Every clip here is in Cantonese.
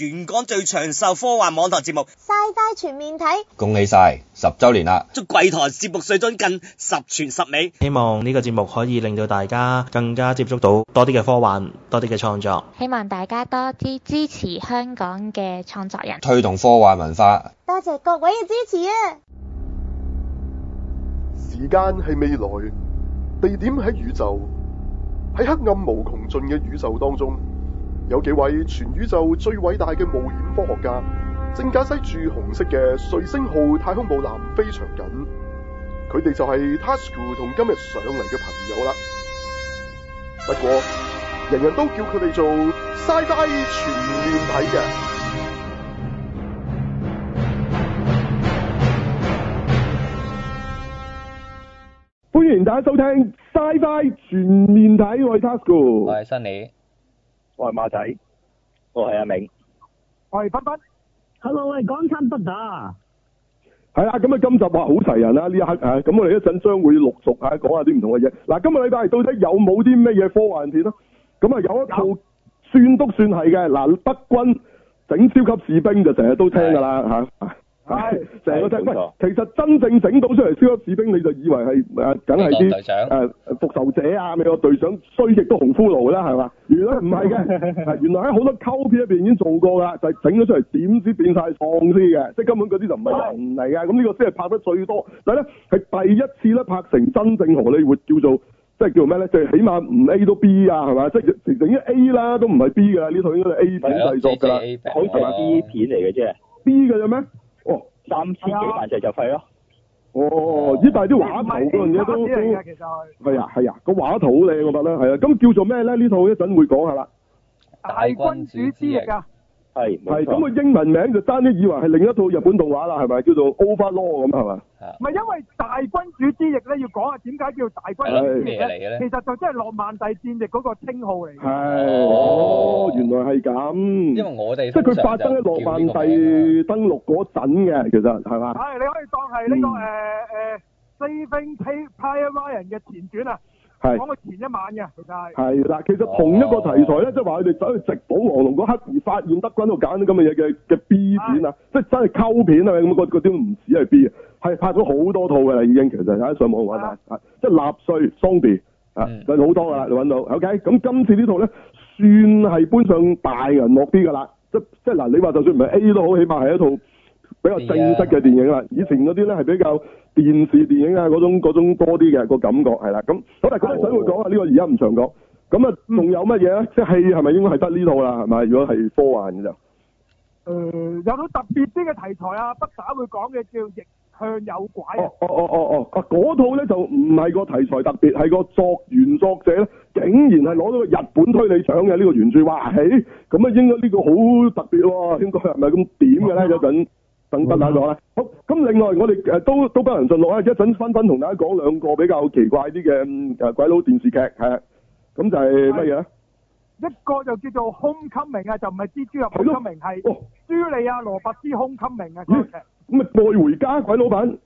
全港最長壽科幻網台節目，Sci-Fi 全面睇，恭喜晒十周年啦！祝貴台節目水準近十全十美，希望呢個節目可以令到大家更加接觸到多啲嘅科幻，多啲嘅創作，希望大家多啲支持香港嘅創作人，推動科幻文化。多謝各位嘅支持啊！時間係未來，地點喺宇宙，喺黑暗無窮盡嘅宇宙當中。有幾位全宇宙最偉大嘅冒險科學家，正駕駛住紅色嘅水星號太空母艦飛翔緊。佢哋就係 Tasuku 同今日上嚟嘅朋友啦。不過人人都叫佢哋做 Sci-Fi 全面睇嘅。歡迎大家收聽 Sci-Fi 全面睇，我係 Tasuku，我係 Sunny 我係馬仔，我係阿明，係，拜拜，Hello，我係港產不打啊。係啊，咁啊，今集話好齊人啦，呢一刻，誒，咁我哋一陣將會陸續啊講下啲唔同嘅嘢。嗱，今個禮拜嚟到底有冇啲咩嘢科幻片啊？咁啊有一套算都算係嘅，嗱，德軍整超級士兵就成日都聽噶啦，吓、嗯。啊係、哎、成個真喂，其實真正整到出嚟超級士兵，你就以為係誒，梗係啲誒復仇者啊，美國隊長，衰極都紅骷髏啦，係嘛？原來唔係嘅， 原來喺好多溝片入邊已經做過噶，就係整咗出嚟，點知變晒喪屍嘅，即係根本嗰啲就唔係人嚟嘅。咁 呢個先係拍得最多，但係咧係第一次咧拍成真正荷里活叫做即係叫做咩咧？即係起碼唔 A 到 B 啊，係嘛？即係成成 A 啦，都唔係 B 噶，呢套應該係 A 等製作噶啦，好似係 B 片嚟嘅啫，B 嘅啫咩？三千幾萬隻就係咯，哦，依但係啲畫圖嗰樣嘢都都，係啊係啊，個畫圖你我覺得係啊，咁叫做咩咧？呢套一陣會講下啦，《大君主之役》啊。係係咁個英文名就單啲以為係另一套日本動畫啦，係咪叫做 o v e r l a w 咁係嘛？唔係因為大君主之役咧，要講下點解叫大君主之役咧？其實就真係羅曼帝戰役嗰個稱號嚟。係哦，哦，哦，原來係咁。因為我哋即係佢發生喺羅曼帝、啊、登陸嗰陣嘅，其實係嘛？係你可以當係呢、這個誒誒、嗯呃呃、，Saving Pyrman 人嘅前傳啊。係講佢前一晚嘅係啦，其實同一個題材咧，即係話佢哋走去直搗黃龍嗰刻而發現德軍度揀啲咁嘅嘢嘅嘅 B 片啊，即係真係溝片啊，咁嗰啲唔止係 B 嘅，係拍咗好多套嘅啦已經，其實喺上網搵下，即係納粹喪屍，啊，好多噶，你搵到是 OK？咁今次套呢套咧，算係搬上大銀幕啲噶啦，即即係嗱，你話就算唔係 A 都好，起碼係一套。比較正式嘅電影啦，以前嗰啲咧係比較電視電影啊嗰種嗰種多啲嘅個感覺係啦，咁好啦，咁你想會講啊？哦這個、呢個而家唔常講，咁啊仲有乜嘢咧？即係係咪應該係得呢套啦？係咪？如果係科幻嘅就誒、呃、有好特別啲嘅題材啊，不打會講嘅叫逆向誘拐哦哦哦哦啊！嗰、哦哦哦哦、套咧就唔係個題材特別，係個作原作者咧，竟然係攞到個日本推理獎嘅呢個原著哇！誒，咁啊應該呢個好特別應該係咪咁點嘅咧？嗰、嗯、陣、啊。等不嬲啦，好咁。另外我哋誒都都不能訊錄啊，一陣分分同大家講兩個比較奇怪啲嘅誒鬼佬電視劇係，咁就係乜嘢啊？一個就叫做 Homecoming 啊，就唔係蜘蛛入 Homecoming 係朱利亞啊，羅、哦、伯斯 Homecoming 啊，咁樣唔係《愛回家》鬼佬版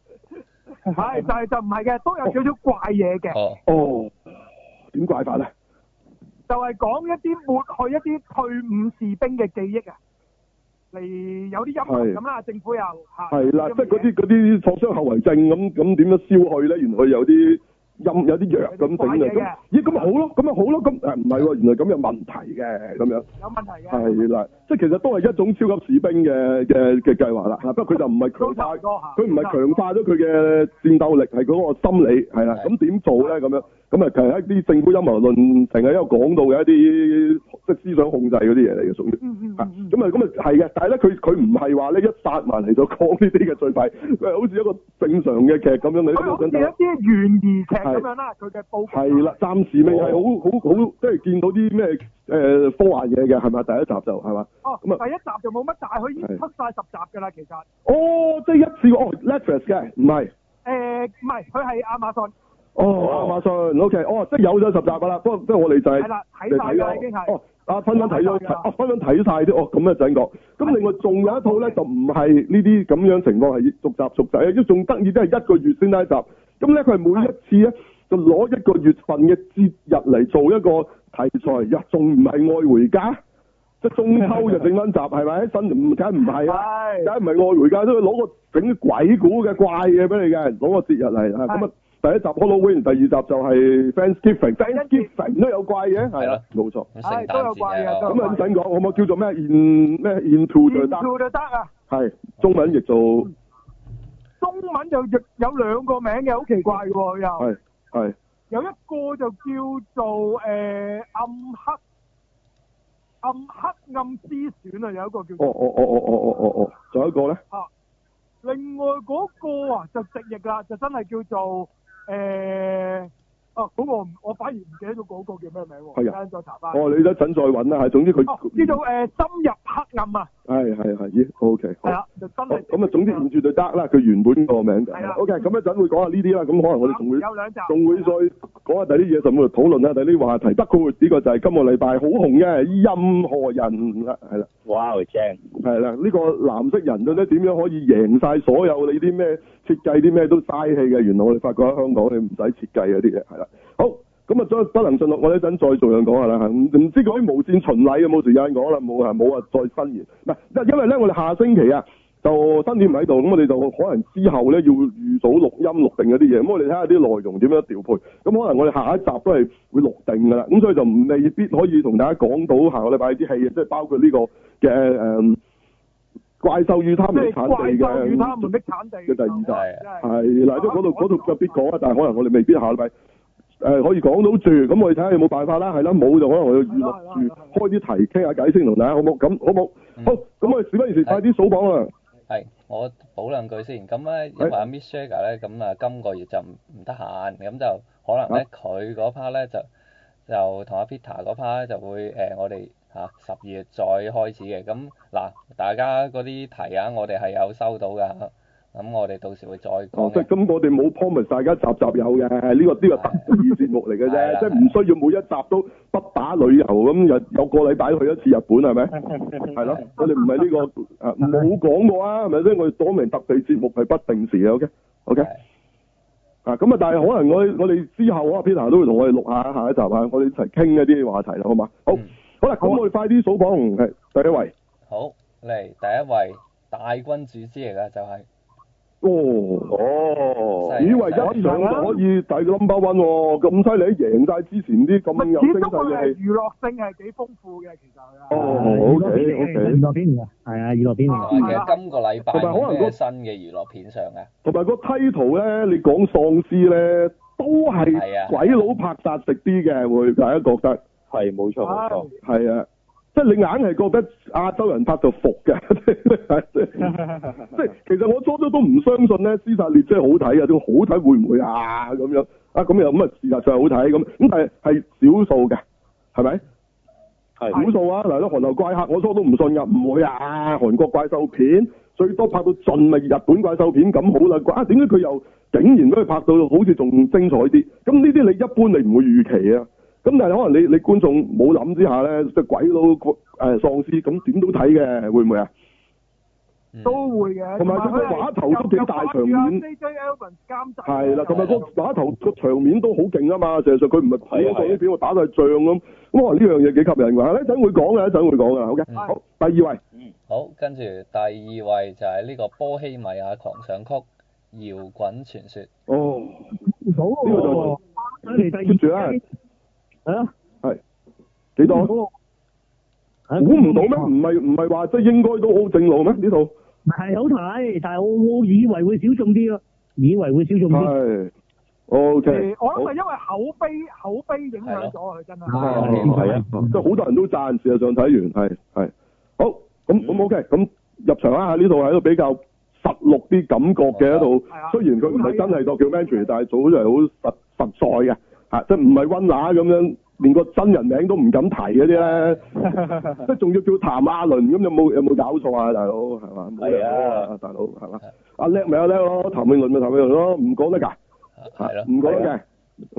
係 就係、是、就唔係嘅，都有少少怪嘢嘅。哦，點、哦、怪法咧？就係、是、講一啲抹去一啲退伍士兵嘅記憶啊！嚟有啲陰謀咁啊，政府又係啦、啊，即係嗰啲嗰啲創傷後遺症咁，咁點樣消去咧？原來有啲。任有啲藥咁整嘅咁，咦咁咪好咯？咁咪好咯？咁誒唔係喎，原來咁有問題嘅咁樣。有問題嘅。係啦，即係其實都係一種超級士兵嘅嘅嘅計劃啦。 不過佢就唔係強化，佢唔係強化咗佢嘅戰鬥力，係嗰個心理係啦。咁點、嗯、做咧？咁樣咁啊，其實一啲政府陰謀論成日都有講到嘅一啲即係思想控制嗰啲嘢嚟嘅，屬於咁啊咁啊係嘅，但係咧佢佢唔係話咧一殺埋嚟就講呢啲嘅最快，佢誒好似一個正常嘅劇咁樣。你 一啲懸疑劇咁樣啦，佢嘅報。係啦，暫時未係、哦、好好好，即係見到啲咩誒科幻嘢嘅，係咪第一集就係嘛？哦，咁啊，第一集就冇乜，哦、大，佢已經出晒十集㗎啦，其實。哦，即係一次哦，Netflix 嘅唔係。誒，唔係，佢係亞馬遜。哦，亞馬遜，OK，哦，即係有咗十集㗎啦，不過即係我哋就係、是。係啦，睇晒啦，已經係、啊啊啊。哦，阿芬芬睇咗，阿芬睇晒啲，哦，咁嘅就咁講。咁另外仲有一套咧，就唔係呢啲咁樣情況，係續集續集啊！仲得意，即係、就是、一個月先得一集。咁咧佢係每一次咧就攞一個月份嘅節日嚟做一個題材，日仲唔係愛回家？即中秋就整翻集，係咪？新年梗唔係啊，梗唔係愛回家，都攞個整鬼故嘅怪嘢俾你嘅，攞個節日嚟啊！咁啊第一集 Halloween，第二集就係 Thanksgiving，Thanksgiving 都有怪嘅，係啊，冇錯，係都有怪嘅。咁啊唔使講，可唔可以叫做咩？in 咩？Into the Dark 啊，係中文亦做。中文就有兩個名嘅，好奇怪嘅喎，又係係有一個就叫做誒暗黑暗黑暗之選啊，有一個叫哦哦哦哦哦哦哦哦，仲有一個咧嚇，另外嗰個啊就直譯喇，就真係叫做誒。哦，咁、嗰、我、個、我反而唔記得咗嗰個叫咩名喎。係啊，再查翻。哦，你得一陣再搵啦，係，總之佢。呢度誒，深入黑暗啊。係係係，咦、okay，啊，好 OK。係啦就深入。咁、哦、啊，總之唔住就得啦，佢原本個名。係啦、啊、OK，咁、啊嗯、一陣會講下呢啲啦，咁可能我哋仲會有兩集仲會再講下第啲嘢，咁會討論下第啲話題。不過呢個就係今個禮拜好紅嘅任何仁啦，係啦、啊。哇，正！係啦、啊，呢、這個藍色人到底點樣可以贏晒所有你啲咩？設計啲咩都嘥氣嘅，原來我哋發覺喺香港，你唔使設計嗰啲嘢，係啦。好咁啊，再不能順錄，我哋一陣再做樣講下啦吓。唔知講啲無線巡禮啊，冇時間講啦，冇啊冇再申言。因為咧，我哋下星期啊，就新片唔喺度，咁我哋就可能之後咧要預早錄音錄定嗰啲嘢。咁我哋睇下啲內容點樣調配。咁可能我哋下一集都係會錄定㗎啦。咁所以就未必可以同大家講到下個禮拜啲戲啊，即係包括呢個嘅怪獸與他們的產地嘅，怪獸與他們的產地嘅第二代，係啦，都嗰度嗰度就必講啊，但係可能我哋未必下禮拜誒可以講到住，咁我哋睇下有冇辦法啦，係啦，冇就可能我哋娛樂住，開啲題傾下解釋同大家好冇，咁好冇，好，咁我事不宜遲，快啲數榜啦。係，我補兩句先，咁咧因為阿 Miss Shagger 咧，咁啊今個月就唔唔得閒，咁就可能咧佢嗰 part 咧就就同阿 Peter 嗰 part 就會誒我哋。吓、啊，十二月再開始嘅。咁嗱，大家嗰啲題啊，我哋係有收到噶，咁我哋到時會再講。咁、啊、我哋冇 promise，大家集集有嘅，呢、這個呢、這個特別節目嚟嘅啫，即係唔需要每一集都不打旅遊咁，有有個禮拜去一次日本係咪？係咯， 我哋唔係呢個誒，冇 講、啊、過啊，係咪先？我哋當明特備節目係不定時嘅，OK，OK、okay? okay? 啊，咁啊，但係可能我我哋之後啊 Peter 都會同我哋錄下下一集啊，我哋一齊傾一啲話題啦，好嘛？好。嗯好啦，咁我哋快啲數榜，係第一位。好，嚟第一位大君主之嚟噶，就係。哦哦，以為一上就可以大冧百萬喎，咁犀利，贏晒之前啲咁有精神嘅。唔係，始終佢係娛樂性係幾豐富嘅，其實。哦，好嘅，好嘅，娛樂片嚟嘅。係啊，娛樂片嚟嘅。今個禮拜咩新嘅娛樂片上啊？同埋可能嗰梯圖咧，你講喪屍咧，都係鬼佬拍殺食啲嘅，會大家覺得。係冇錯，係啊，啊，啊，即係你硬係覺得亞洲人拍到服嘅。 即係其實我初初都唔相信咧，屍殺列真係好睇啊！好睇會唔會啊？咁樣啊咁又咁啊，這樣事實上好睇咁，咁但係係少數嘅，係咪？係少數啊！嗱，啲韓流怪客，我初都唔信噶，唔會啊！韓國怪獸片最多拍到盡咪日本怪獸片咁好啦，啊！點解佢又竟然都係拍到好似仲精彩啲？咁呢啲你一般你唔會預期啊？咁但係可能你你觀眾冇諗之下咧，隻鬼佬誒喪屍咁點都睇嘅，會唔會啊、嗯？都會嘅，同埋嗰個畫頭都幾大場面。係啦、啊，同埋個畫頭個場面都好勁啊嘛！事實上佢唔係睇嗰啲片，我打到係仗咁，咁可能呢樣嘢幾吸引噶。一、啊、陣會講噶，一陣會講噶、OK？嗯。好嘅，好第二位。嗯、好，跟住第二位就係呢個波希米亞狂想曲搖滾傳說。哦。呢、呢個就是。住、哦、咧。係啊，係幾多？估唔到咩？唔係唔係話即係應該都好正路咩？呢套，係好睇，但係我我以為會少眾啲咯，以為會少眾啲。O、okay, K，我諗係因為口碑口碑影響咗佢，真係係啊，啊啊啊啊啊嗯嗯、即係好多人都讚。事實上睇完係係好咁咁 O K，咁入場啦下，呢套係一個比較實錄啲感覺嘅一套、啊啊。雖然佢唔係真係個叫 documentary 但係就係好實實在嘅。啊、即係唔係温拿咁樣，連個真人名都唔敢提嗰啲咧，即係仲要叫譚亞倫咁，有冇有冇搞錯啊，大佬係嘛？係啊，啊，大佬係嘛？阿叻咪阿叻咯，譚詠麟咪譚詠麟咯，唔講得㗎，嚇唔講得㗎，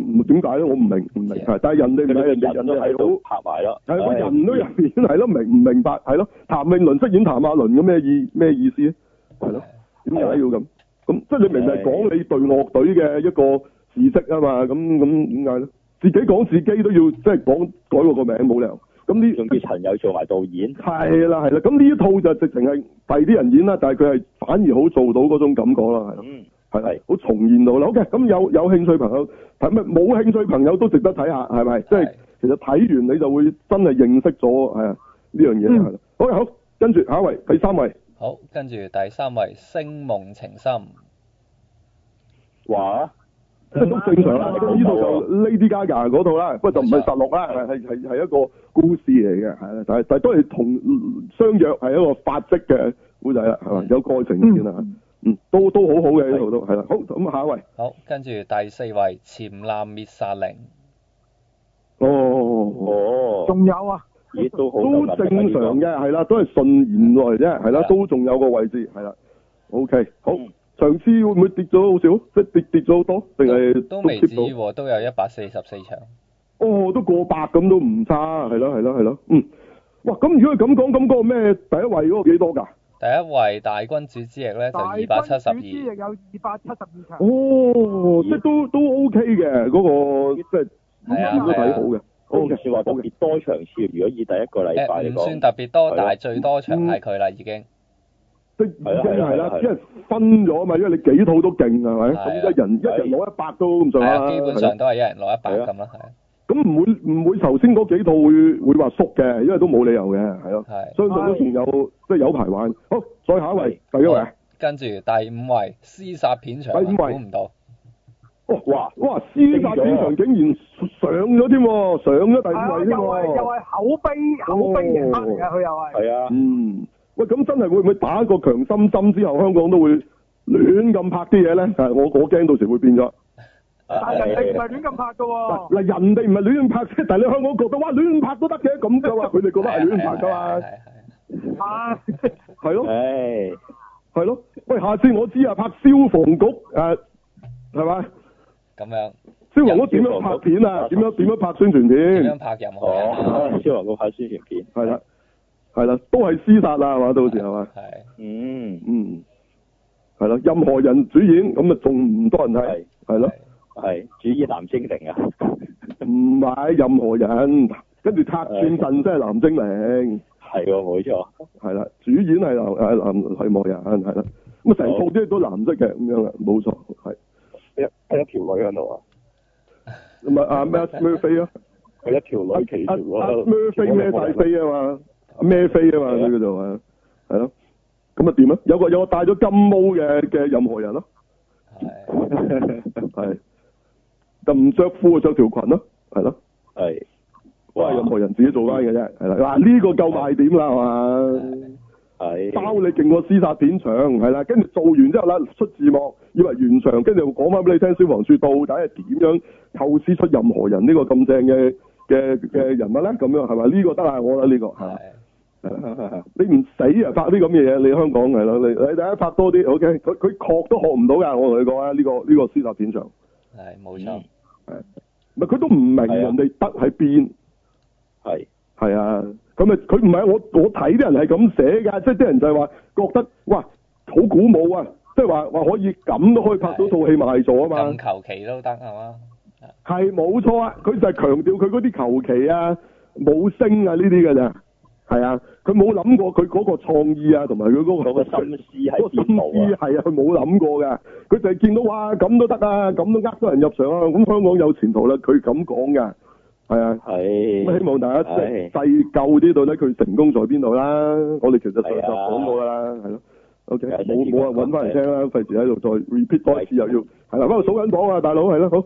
唔點解咧？我唔明唔明白啊！但係人哋咪、啊、人哋人都係、啊啊、都拍埋咯，係我人都入面係咯，明、啊、唔、啊、明白？係咯、啊，譚詠麟飾演譚亞倫咁咩意咩意思咧？係咯、啊，點解要咁？咁即係你明唔明講你隊樂隊嘅一個？意識啊嘛，咁咁點解咧？自己講自己都要，即係講改個個名冇理由。咁呢，仲叫陳友做埋導演。係啦係啦，咁呢套就直情係第啲人演啦，但係佢係反而好做到嗰種感覺啦，係咯，係係好重現到啦。OK，咁有有興趣朋友，係咪冇興趣朋友都值得睇下，係咪？即係其實睇完你就會真係認識咗，係啊呢樣嘢係咯。好，好跟住下一位第三位。好，跟住第三位《星夢情深》哇。話。都正常啦，呢度就 Lady Gaga 嗰套啦，啊、不過就唔係實錄啦，係係係係一個故事嚟嘅，係啦，但係但係都係同相約係一個法式嘅古仔啦，係嘛，有過程先啦，嗯，嗯都都好好嘅呢度都係啦，好，咁下一位。好，跟住第四位潛艦滅殺令。哦哦。仲有啊？亦都好正常嘅，係啦，都係順延落嚟啫，係啦，都仲有一個位置，係啦，OK，好。嗯長次會唔會跌咗好少？即係跌跌咗好多，定係都，都，都未止喎？都有一百四十四場。哦，都過百咁都唔差，係咯係咯係咯，嗯。哇，咁如果咁講，咁、那、嗰個咩第一位嗰個幾多噶？第一位，第一位大君主之役咧就二百七十二。大君主之役有二百七十二場。哦，即係都都 OK 嘅嗰、那個，即係、嗯、都睇好嘅。哦，算話、那個、特別多場次，如果以第一個禮拜，唔、欸、算特別多，但係最多場係佢啦，已經。Judy、即已經係啦，即係分咗啊嘛，因為你幾套都勁啊，係啊，係啊，係咪、啊？咁一人一人攞一百都唔錯啦。基本上都係一人攞一百咁咯，係。咁唔會唔會頭先嗰幾套會會話縮嘅？因為都冇理由嘅，係咯。相信都仲有，即係有排玩。好，再下一位，啊、第一位。跟住第五位，屍殺片場。第五位估唔到。哦，哇哇，屍殺片場竟然上咗添，yeah、上咗第五位、啊。又係、哦、又係口碑口碑型嘅佢又係。係啊，嗯。啊。喂，咁真係會唔會打一個強心針之後，香港都會亂咁拍啲嘢咧？我我驚到時會變咗、啊啊。但係你唔係亂咁拍噶。嗱，人哋唔係亂咁拍，但係你香港話、哎、覺得哇，亂拍都得嘅，咁噶話？佢哋覺得係亂拍噶嘛？係次係咯，係咯。喂、哎哎，下次我知啊，拍消防局誒，係嘛？咁樣，消防局點樣拍片啊？點樣點樣拍宣傳片？點樣拍任何仁、啊啊？消防局拍宣傳片，係啦。係啦，都係廝殺啦係嘛，到時係嘛，係，嗯，嗯，係啦，任何人主演咁啊，仲唔多人睇，係咯，係，主演藍精靈啊？唔 係，任何人，跟住拆轉陣都係藍精靈，係，冇錯，係啦，主演係藍，係藍，係冇人係啦，咁啊，成套啲都藍色嘅，咁樣啦，冇錯，係，一係一條女喺度？唔係啊咩？Murphy 啊？係、啊啊啊啊啊、一條女其、啊，奇條啊，啊，啊？Murphy 咩大飛啊嘛？咩飛啊嘛，佢叫做係咯。咁啊點啊，有個有個戴咗金毛嘅嘅任何人咯，係係咁着褲啊，着條裙咯係咯，係都係任何人自己做翻嘅啫係啦。嗱，呢個夠賣點啦係嘛，係包你勁過撕殺片場，係啦。跟住做完之後啦，出字幕以為完場，跟住又講翻俾你聽消防署到底係點樣構思出任何人呢個咁正嘅嘅嘅人物咧。咁樣，係咪呢個得啊？我啦呢個係。你唔死啊！拍啲咁嘅嘢，你香港係咯，你你第一拍多啲，OK。佢佢學都學唔到噶，我同你講、這個這個就是、啊，呢個呢個司法戰場係冇錯，唔係佢都唔明人哋得喺邊係係啊。咁啊，佢唔係我我睇啲人係咁寫噶，即係啲人就係話覺得哇好鼓舞啊，即係話話可以咁都可以拍到套戲賣咗啊嘛。咁求其都得係嘛？係冇錯啊！佢就係強調佢嗰啲求其啊、冇聲啊呢啲噶咋，係啊。佢冇諗過佢嗰個創意啊，同埋佢嗰個心思喺邊度啊？心思係啊，佢冇諗過嘅。佢就係見到哇，咁都得啊，咁都呃咗人入場啊，咁香港有前途啦。佢咁講嘅，係啊。係。希望大家即係細究啲到咧，佢成功在邊度啦？我哋其實就就講過啦，係、哎、咯。O K，冇冇啊，揾翻嚟聽啦，啊、費事喺度再 repeat 多次又要。係啦、啊，不我、啊啊、數緊磅啊，大佬係咯，好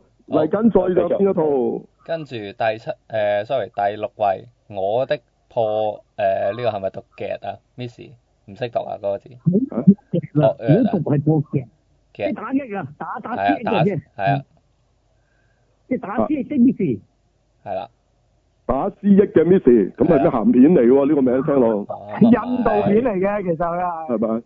嚟緊、哦、再呢邊、嗯、一套？跟住第七誒、呃，sorry，第六位，我的。破誒呢個係咪讀 get 啊，miss 唔識讀啊嗰、嗰個字。破、啊，點讀破 get 打一打打啊，打打 C 一啫，啊，即係打 C 一 miss，係啦，打 C 一嘅 miss，咁係咩鹹片嚟喎？呢、呢個名、啊、聽落。印度片嚟嘅其實佢係。係咪？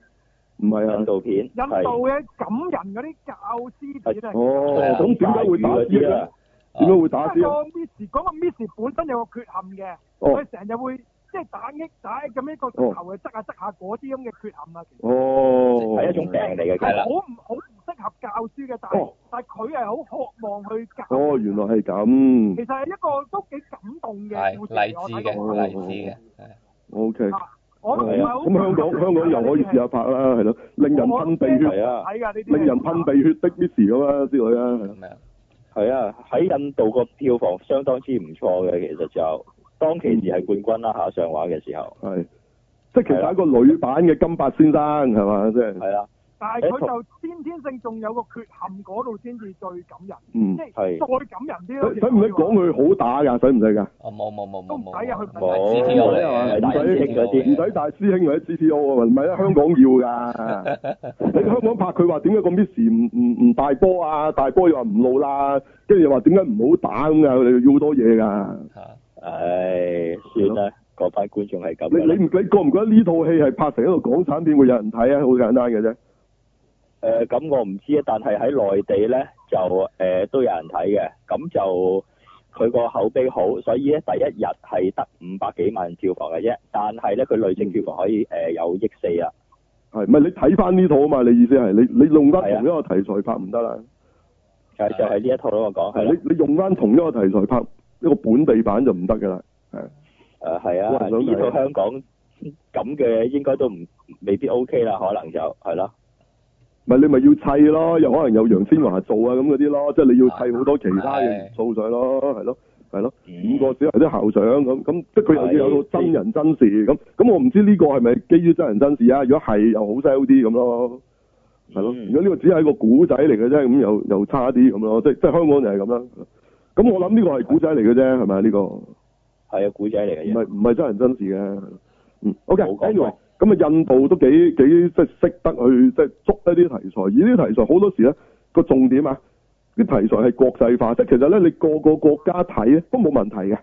唔係、啊、印度片。印度嘅感人嗰啲教師片啊，啊。哦，咁點解會打 C 咧？點解會打。因為 Miss 講個 Miss、那個、本身有個缺陷嘅，佢成日會即係打擊仔咁樣個球又執下執下嗰啲咁嘅缺陷啊。哦，係、哦一，哦、一種病嚟嘅，係好唔好唔適合教書嘅、哦，但係但係佢係好渴望去教哦。哦，原來係咁。其實係一個都幾感動嘅故事，的我睇過。勵志嘅。哦嗯、o、okay、K。我咁香港香港又可以試下拍啦，係咯，令人噴鼻血啊！令人噴鼻血的 Miss 咁啊，啊。啊？係啊，喺印度個票房相當之唔錯嘅，其實就當其時係冠軍啦下、嗯、上畫嘅時候。係，即係其實係一個女版嘅金髮先生，係嘛？即係，係、就、啊、是。但係佢就先天性仲有個缺陷，嗰度先至最感人。嗯，即係再感人啲，使唔使講佢好打噶？使唔使噶？冇冇冇都唔使啊！佢唔係師兄，唔使唔使大師兄或者 C T O 啊，唔係啊！香港要噶， 你香港拍佢話點解咁 miss 唔唔唔大波啊？大波又話唔露啦，跟住又話點解唔好打咁啊？佢哋要好多嘢噶。吓、啊，唉、哎，算啦，嗰、啊、班觀眾係咁。你你你，你覺唔覺得呢套戲係拍成一個港產片會有人睇啊？好簡單嘅啫。誒、呃，咁我唔知啊，但係喺內地咧就誒、呃、都有人睇嘅，咁就佢個口碑好，所以咧第一日係得五百幾萬票房嘅啫，但係咧佢累積票房可以誒、呃、有億四啊。係，唔係你睇翻呢套啊嘛？你意思係你你用得同一個題材拍唔得啦？就係、是、呢一套咯，我講係。你你用翻同一個題材拍呢個本地版就唔得噶啦，係。誒係啊，咁、呃、啊呢套香港咁嘅應該都唔未必 OK 啦，可能就係咯。唔係你咪要砌咯，又可能有楊千嬅做啊咁嗰啲咯，即係、就是、你要砌好多其他嘅做上咯，係咯，係咯，五個只係啲校長咁，咁即係佢又要有到真人真事咁，咁我唔知呢個係咪基於真人真事啊？如果係，又好犀利啲咁咯，係咯。如果呢個只係一個古仔嚟嘅啫，咁又又差啲咁咯，即係即係香港就係咁啦。咁我諗呢個係古仔嚟嘅啫，係咪？呢個係啊，古仔嚟嘅，唔係唔係真人真事嘅。o、okay, k、anyway, 咁啊，印度都幾幾即係識得去即係捉一啲題材，而呢啲題材好多時咧個重點啊，啲題材係國際化，即係其實咧你個個國家睇咧都冇問題嘅，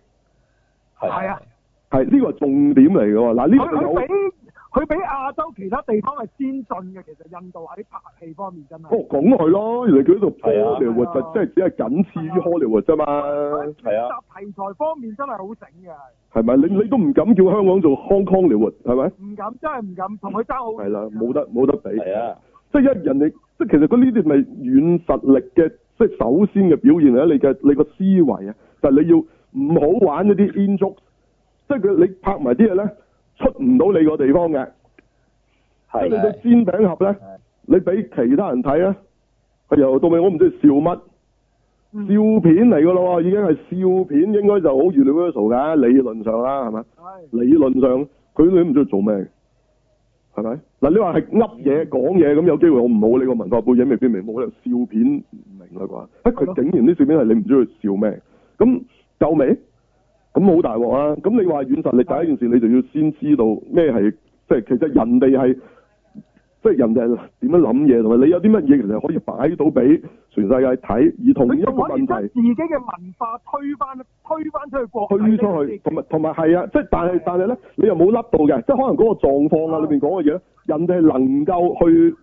係啊，係呢個係重點嚟嘅喎。嗱呢個佢比亞洲其他地方係先進嘅，其實印度喺啲拍戲方面真係哦，咁囉。咯、啊，原嚟佢呢度 Hollywood 就即係只係僅次於 Hollywood 啫嘛，題材方面真係好整嘅，係咪、啊啊啊啊啊啊啊、你你都唔敢叫香港做 Hong Kong Hollywood 係咪？唔敢，真係唔敢，同佢爭好係啦、啊，冇得冇得比，係啊，即係一，人哋即係其實佢呢啲咪軟實力嘅，即係首先嘅表現喺你嘅你個思維啊，但係你要唔好玩一啲建築，即係佢你拍埋啲嘢咧。出唔到你個地方嘅，咁你個煎餅盒咧，你俾其他人睇咧，由頭到尾我唔知佢笑乜，笑片嚟噶咯，已經係笑片，應該就好 universal 嘅，理論上啦，係咪？理論上佢都唔知做咩，係咪？嗱，你話係噏嘢講嘢咁，有機會我唔好你個文化背景未必明，我係笑片唔明啦啩？啊，佢整完啲笑片係你唔知佢笑咩？咁就未？咁好大鑊啊！咁你話軟實力第一件事，你就要先知道咩係，即係其實人哋係，即係人哋係點樣諗嘢，同埋你有啲乜嘢其實可以擺到俾全世界睇，而同一個問題，把自己嘅文化推翻，推翻出去國，推出去同埋同埋係啊！即係但係但係咧，你又冇凹到嘅，即係可能嗰個狀況啊，裏面講嘅嘢，人哋係能夠去。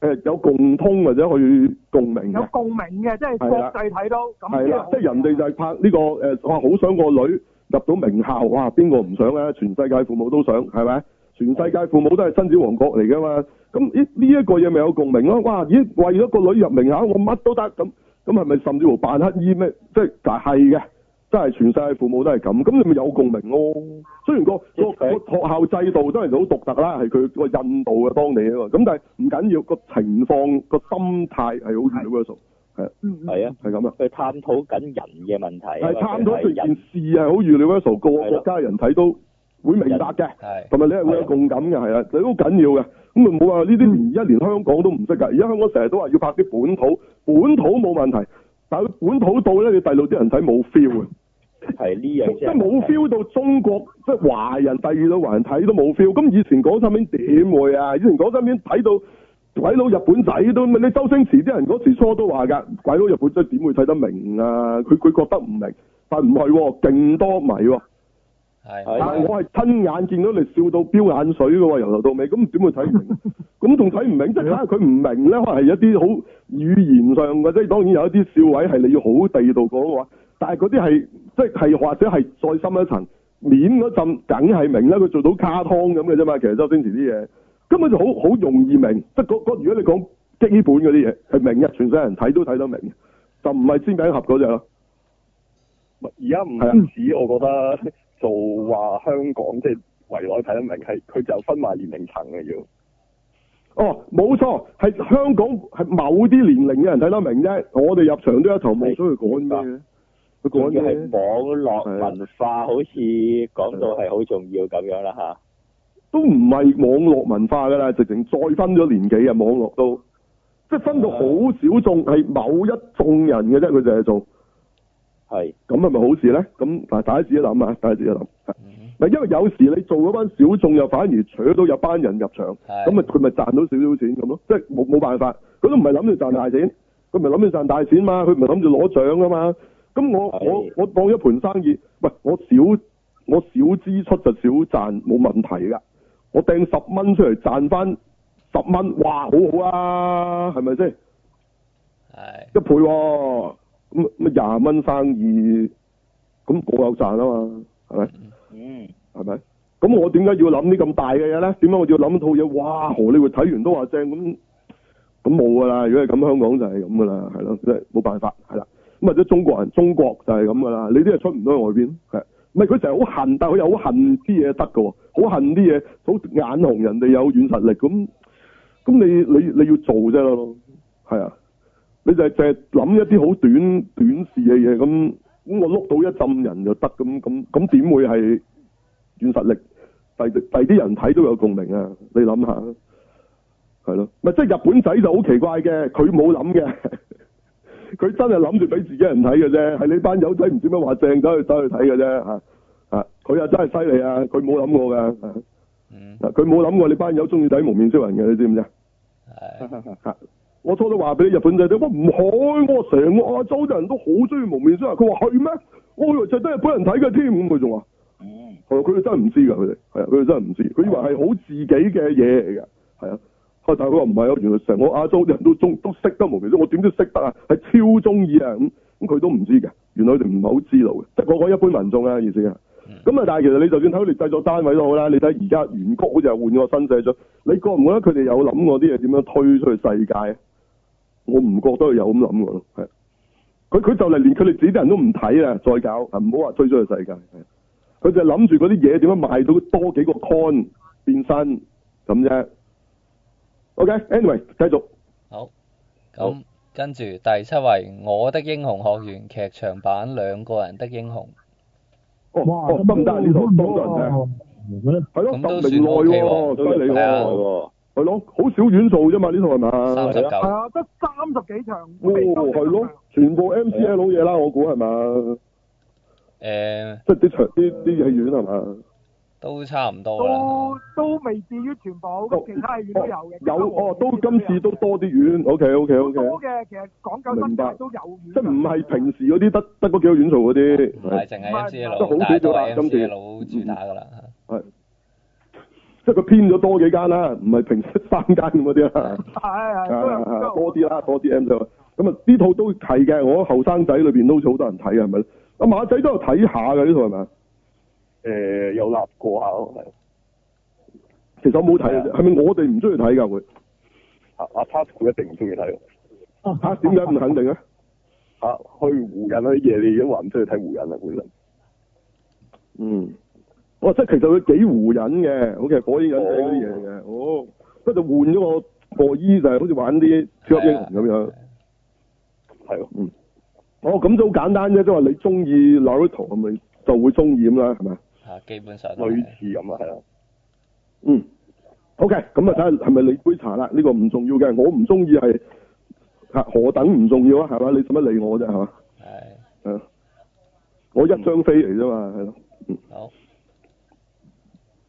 誒、呃，有共通或者去共鳴，有共鳴嘅，即係國際睇到咁啦，即係人哋就係拍呢、這個誒，哇、呃！好想個女入到名校，哇！邊個唔想啊？全世界父母都想，係咪？全世界父母都係親子王國嚟噶嘛？咁咦呢一、這個嘢咪有共鳴咯？哇！咦，為咗個女入名校，我乜都得，咁咁係咪甚至乎扮乞衣咩？即係就係嘅。真係全世界父母都係咁，咁你咪有共鳴咯、啊。雖然，個個學校制度都係好獨特啦，係佢個印度嘅當地啊嘛。咁但係唔緊要，個情況個心態係好 universal。係係啊，係咁啊。去探討緊人嘅問題，係探討住件事係好 universal。個國家嘅人睇都會明白嘅，係同埋你係會有共感嘅，係啊，都好緊要嘅。咁啊冇話呢啲，而家連香港都唔識噶。而家香港成日都話要拍啲本土，本土冇問題，但係佢本土到咧，你大陸啲人睇冇 feel 嘅係呢樣，即係冇 feel 到中國即係華人第二度華人睇都冇 feel，咁以前港產片點會啊？以前港產片睇到鬼佬日本仔都，你周星馳啲人嗰時初都話噶，鬼佬日本仔點會睇得明啊？佢，佢覺得唔明，但唔係，哦，勁多迷係，哦，但係我係親眼見到你笑到飆眼水嘅，由頭到尾，咁點會睇唔明？咁仲睇唔明？即係睇下佢唔明咧，可能係一啲好語言上嘅，即係當然有一啲笑位係你要好地道講嘅話。但係嗰啲係即係或者係再深一層面嗰陣，梗係明啦。佢做到卡通咁嘅啫嘛。其實周星馳啲嘢根本就好好容易明。即係如果你講基本嗰啲嘢，係明日全世界人睇都睇得明，就唔係先餅盒嗰隻咯。而家唔止，我覺得、啊、做話香港即係、就是、圍內睇得明，係佢就分埋年齡層嘅要。哦，冇錯，係香港係某啲年齡嘅人睇得明啫。我哋入場都一頭霧水，佢講咩？佢講嘅係網絡文化，好似講到係好重要咁樣啦吓、啊，都唔係網絡文化噶啦，直情再分咗年紀啊，網絡都即係分到好小眾，係某一眾人嘅啫，佢就係做係，咁係咪好事咧？咁但大家自己諗啊，大家自己諗，咪、嗯、因為有時你做嗰班小眾，又反而取到有班人入場，咁咪佢咪賺到少少錢咁咯，即係冇冇辦法，佢都唔係諗住賺大錢，佢咪諗住賺大錢嘛，佢唔係諗住攞獎噶嘛。咁我我我當一盤生意，喂，我少我少支出就少賺冇問題噶，我掟十蚊出嚟賺翻十蚊，哇，好好啊，係咪先？係一倍喎、哦，咁咁廿蚊生意，咁我有賺啊嘛，係咪？嗯、yeah.，係咪？咁我點解要諗啲咁大嘅嘢咧？點解我要諗套嘢？哇，何你會睇完都話正？咁咁冇噶啦，如果係咁，香港就係咁噶啦，係咯，即係冇辦法，係啦。咁即係中國人，中國就係咁噶啦。你啲係出唔到外邊，係唔係？佢成日好恨，但係佢又好恨啲嘢得噶喎，好恨啲嘢，好眼紅人哋有軟實力。咁咁你你你要做啫咯，係啊！你就係淨係諗一啲好短短視嘅嘢，咁咁我碌到一浸人就得，咁咁咁點會係軟實力？第第啲人睇都有共鳴啊！你諗下，係咯？咪即係日本仔就好奇怪嘅，佢冇諗嘅。佢真係諗住俾自己人睇嘅啫，係你班友仔唔知咩話正走去走去睇嘅啫，吓佢又真係犀利啊！佢冇諗過噶，佢冇諗過你班友中意睇蒙面超人嘅，你知唔知？ 我初都話俾日本仔聽，我唔去，我成個亞洲人都好中意蒙面超人，佢話去咩？我以為淨得日本人睇嘅添，咁佢仲話，佢哋真係唔知噶，佢哋係啊，佢哋、嗯、真係唔知，佢以為係好自己嘅嘢嚟噶，係啊。但係佢話唔係啊，原來成個亞洲人都中都識得無其中，我點都識得啊，係超中意啊！咁咁佢都唔知嘅，原來佢哋唔係好知道嘅，即係我講一般民眾啊意思啊。咁、嗯、啊，但係其實你就算睇佢哋製作單位都好啦，你睇而家原曲好似又換個新製作，你覺唔覺得佢哋有諗過啲嘢點樣推出去世界？我唔覺得佢有咁諗嘅咯，係佢佢就嚟連佢哋自己啲人都唔睇啊！再搞，唔好話推出去世界，佢就諗住嗰啲嘢點樣賣到多幾個 con 變身咁啫。這樣。O、okay, K，Anyway，繼續。好，咁跟住第七位《我的英雄學院》劇場版兩個人的英雄。哇哦哦，得唔得啊？呢套兩個人嘅，係咯，咁都算 O K 咯。係啊，係咯，好少院數啫嘛？呢套係咪啊？三十九。得三十幾場。哇，係咯、啊嗯啊啊啊哦，全部 M C L 嘢啦、嗯，我估係咪？誒、嗯，即係啲場啲啲戲院係咪？都差唔多啦，都都未至於全部，咁其他院都有嘅、哦，有，都有哦，都今次都多啲院，OK OK OK。好嘅，其實講緊乜都，都有院。即唔係平時嗰啲得得嗰幾間院做嗰啲，唔係淨係今次老住打噶啦，係、嗯，即佢偏咗多幾間啦，唔係平時三間咁嗰啲啦，係係係多啲啦，多啲 M 就，咁啊呢套都係嘅，我後生仔裏邊都好似好多人睇嘅，係咪？阿、啊、馬仔都有睇下嘅呢套係咪？誒、呃，有立過下、啊、咯，係。其實我冇睇，係咪我哋唔中意睇噶佢？阿、啊、Part、啊、一定唔中意睇。吓、啊？點解唔肯定啊。吓，去湖人嗰啲嘢，你已經話唔中意睇湖人啦，本身。嗯。我即係其實佢幾湖人嘅，好似係火影忍者嗰啲嘢嚟嘅。哦。即係就換咗個布衣，就係好似玩啲超級英雄咁樣。係咯。嗯。哦，咁、哦哦哦、就好、嗯哦、簡單啫，即係話你中意 Naruto 係咪就會中意咁啦，係咪基本上類似咁啊，係咯。嗯。O K，咁啊睇下係咪你杯茶啦？呢、呢個唔重要嘅，我唔中意係嚇何等唔重要啊，係嘛？你使乜理我啫，係嘛？係。係。我一張飛嚟啫嘛，係咯。嗯。好。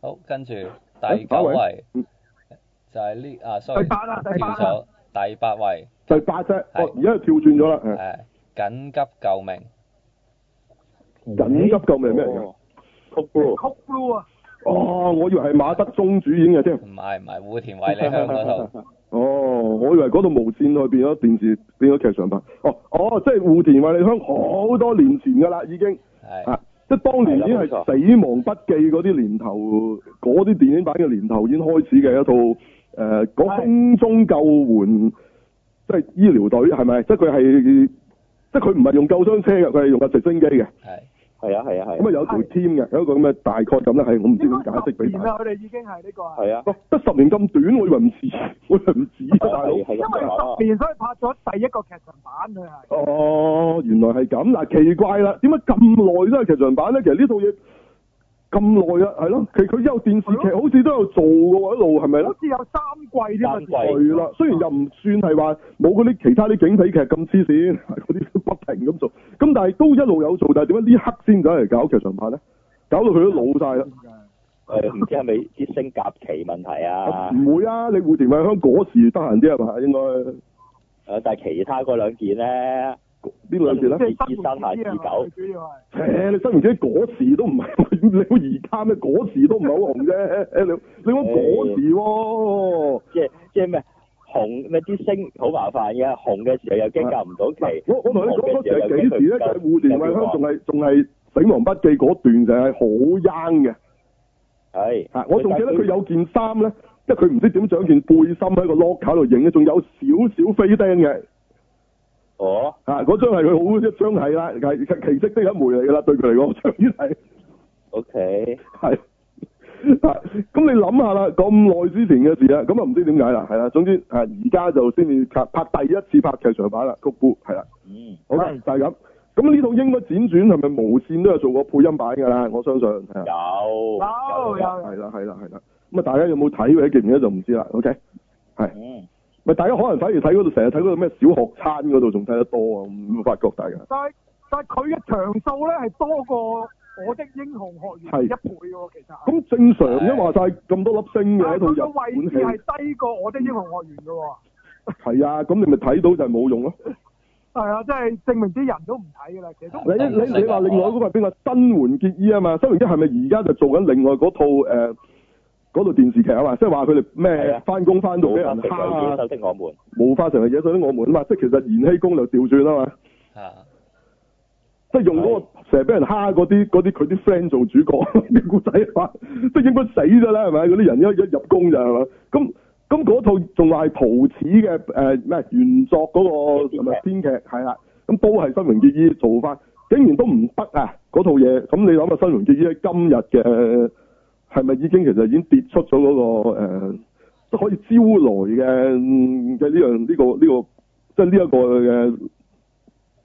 好，跟住第九位。哎、八位就係、是、呢啊 sorry, 第八啦，第八啦。第八位。第八隻。哦，而家係跳轉咗啦。係、啊。緊急救命！欸、緊急救命係咩嚟㗎？哦啊！哦，我以為係馬德鐘主演嘅添。唔係唔係，戶田惠梨香嗰套 哦，我以為嗰套無線內邊嗰電視，嗰劇場版。哦哦，即係戶田惠梨香好多年前㗎啦，已經。係。啊！即係當年已經係死亡筆記嗰啲年頭，嗰啲電影版嘅年頭已經開始嘅一套誒，呃、空中救援，是即係醫療隊係咪？即係佢係，即係佢唔係用救傷車嘅，佢係用架直升機嘅。係。係啊係啊係，咁啊有條 team 嘅，有一，team，有一個咁嘅大概咁啦，係我唔知點解釋俾你。然後我哋已經係呢、呢個係啊，得、啊、十年咁短，我以為唔止，我以為唔止大佬，因為十年、啊、所以拍咗第一個劇場版佢係。哦，原來係咁嗱，奇怪啦，點解咁耐都係劇場版咧？其實呢套嘢。咁耐啊，係咯，其實佢有電視劇，好似都有做嘅喎，一路係咪咯？好似有三季啲咁耐啦，雖然又唔算係話冇嗰啲其他啲警匪劇咁黐線，嗰啲不停咁做，咁但係都一路有做，但係點解呢刻先走嚟搞劇場拍咧？搞到佢都老晒啦，誒、哎，唔知係咪啲升甲期問題啊？唔、啊、會啊，你會定欣香港時得閒啲係嘛，應該。誒、啊，但係其他嗰兩件咧。呢兩件呢，熱身鞋、熱狗。 你真唔知嗰時都唔係， 你好而家咩？嗰時都唔係好紅啫。你講嗰時喎，即係即係咩紅咩啲星好麻煩嘅，紅嘅時候又驚夾唔到期。我我同你講嗰時係幾時咧？Ka Så, time, 在田 unusCanon. 就係胡連仲係仲係《死亡筆記》嗰段就係好掹嘅。係。嚇！我仲記得佢有件衫咧，即係佢唔知點整件背心喺個 locker 度影，仲有少少飛釘嘅。哦、oh. 啊 okay.，啊，嗰張係佢好一張係啦，係其其色的一枚嚟噶啦，對佢嚟講，終於係。O K。係。咁你諗下啦，咁耐之前嘅事啦，咁啊唔知點解啦，係啦，總之啊，而家就先至拍第一次拍劇場版啦，谷姑係啦。嗯。好，就係、是、咁。咁呢套《應該輾轉》係咪無線都有做過配音版噶啦？我相信。有。有、哦、有。係啦係啦係啦。咁啊，大家有冇睇或者記唔記得就唔知啦。O、okay, K。係、mm.。咪大家可能反而睇嗰度，成日睇嗰度咩小學餐嗰度，仲睇得多啊！唔發覺大家？但係但係佢嘅場數咧係多過我啲英雄學院一倍喎，其實。咁正常，因為話曬咁多粒星嘅一套人。佢位置係低過我啲英雄學院㗎喎。係、嗯、啊，咁你咪睇到就冇用咯。係 啊，即係證明啲人都唔睇㗎啦，其實。你你你話另外嗰個係邊個？新垣結衣啊嘛，新垣結衣係咪而家就做緊另外嗰套誒？呃嗰套電視劇啊嘛，即係話佢哋咩翻工翻到俾人蝦啊，無法成為野獸的我們啊嘛，即係其實延禧攻略調轉啊嘛，即係用嗰個成日俾人蝦嗰啲嗰啲佢啲 friend 做主角啲古仔啊，嘛，都應該死㗎啦係咪？嗰啲人一一入宮就係啦，咁咁嗰套仲話係蒲氏嘅誒咩原作嗰、那個同埋編劇係啦，咁都係新垣結衣做翻，竟然都唔得啊！嗰套嘢咁你諗下新垣結衣喺今日嘅。係咪已經其實已經跌出咗嗰、嗰個、呃、可以招來嘅即係呢樣呢個呢、呢個即係呢一個嘅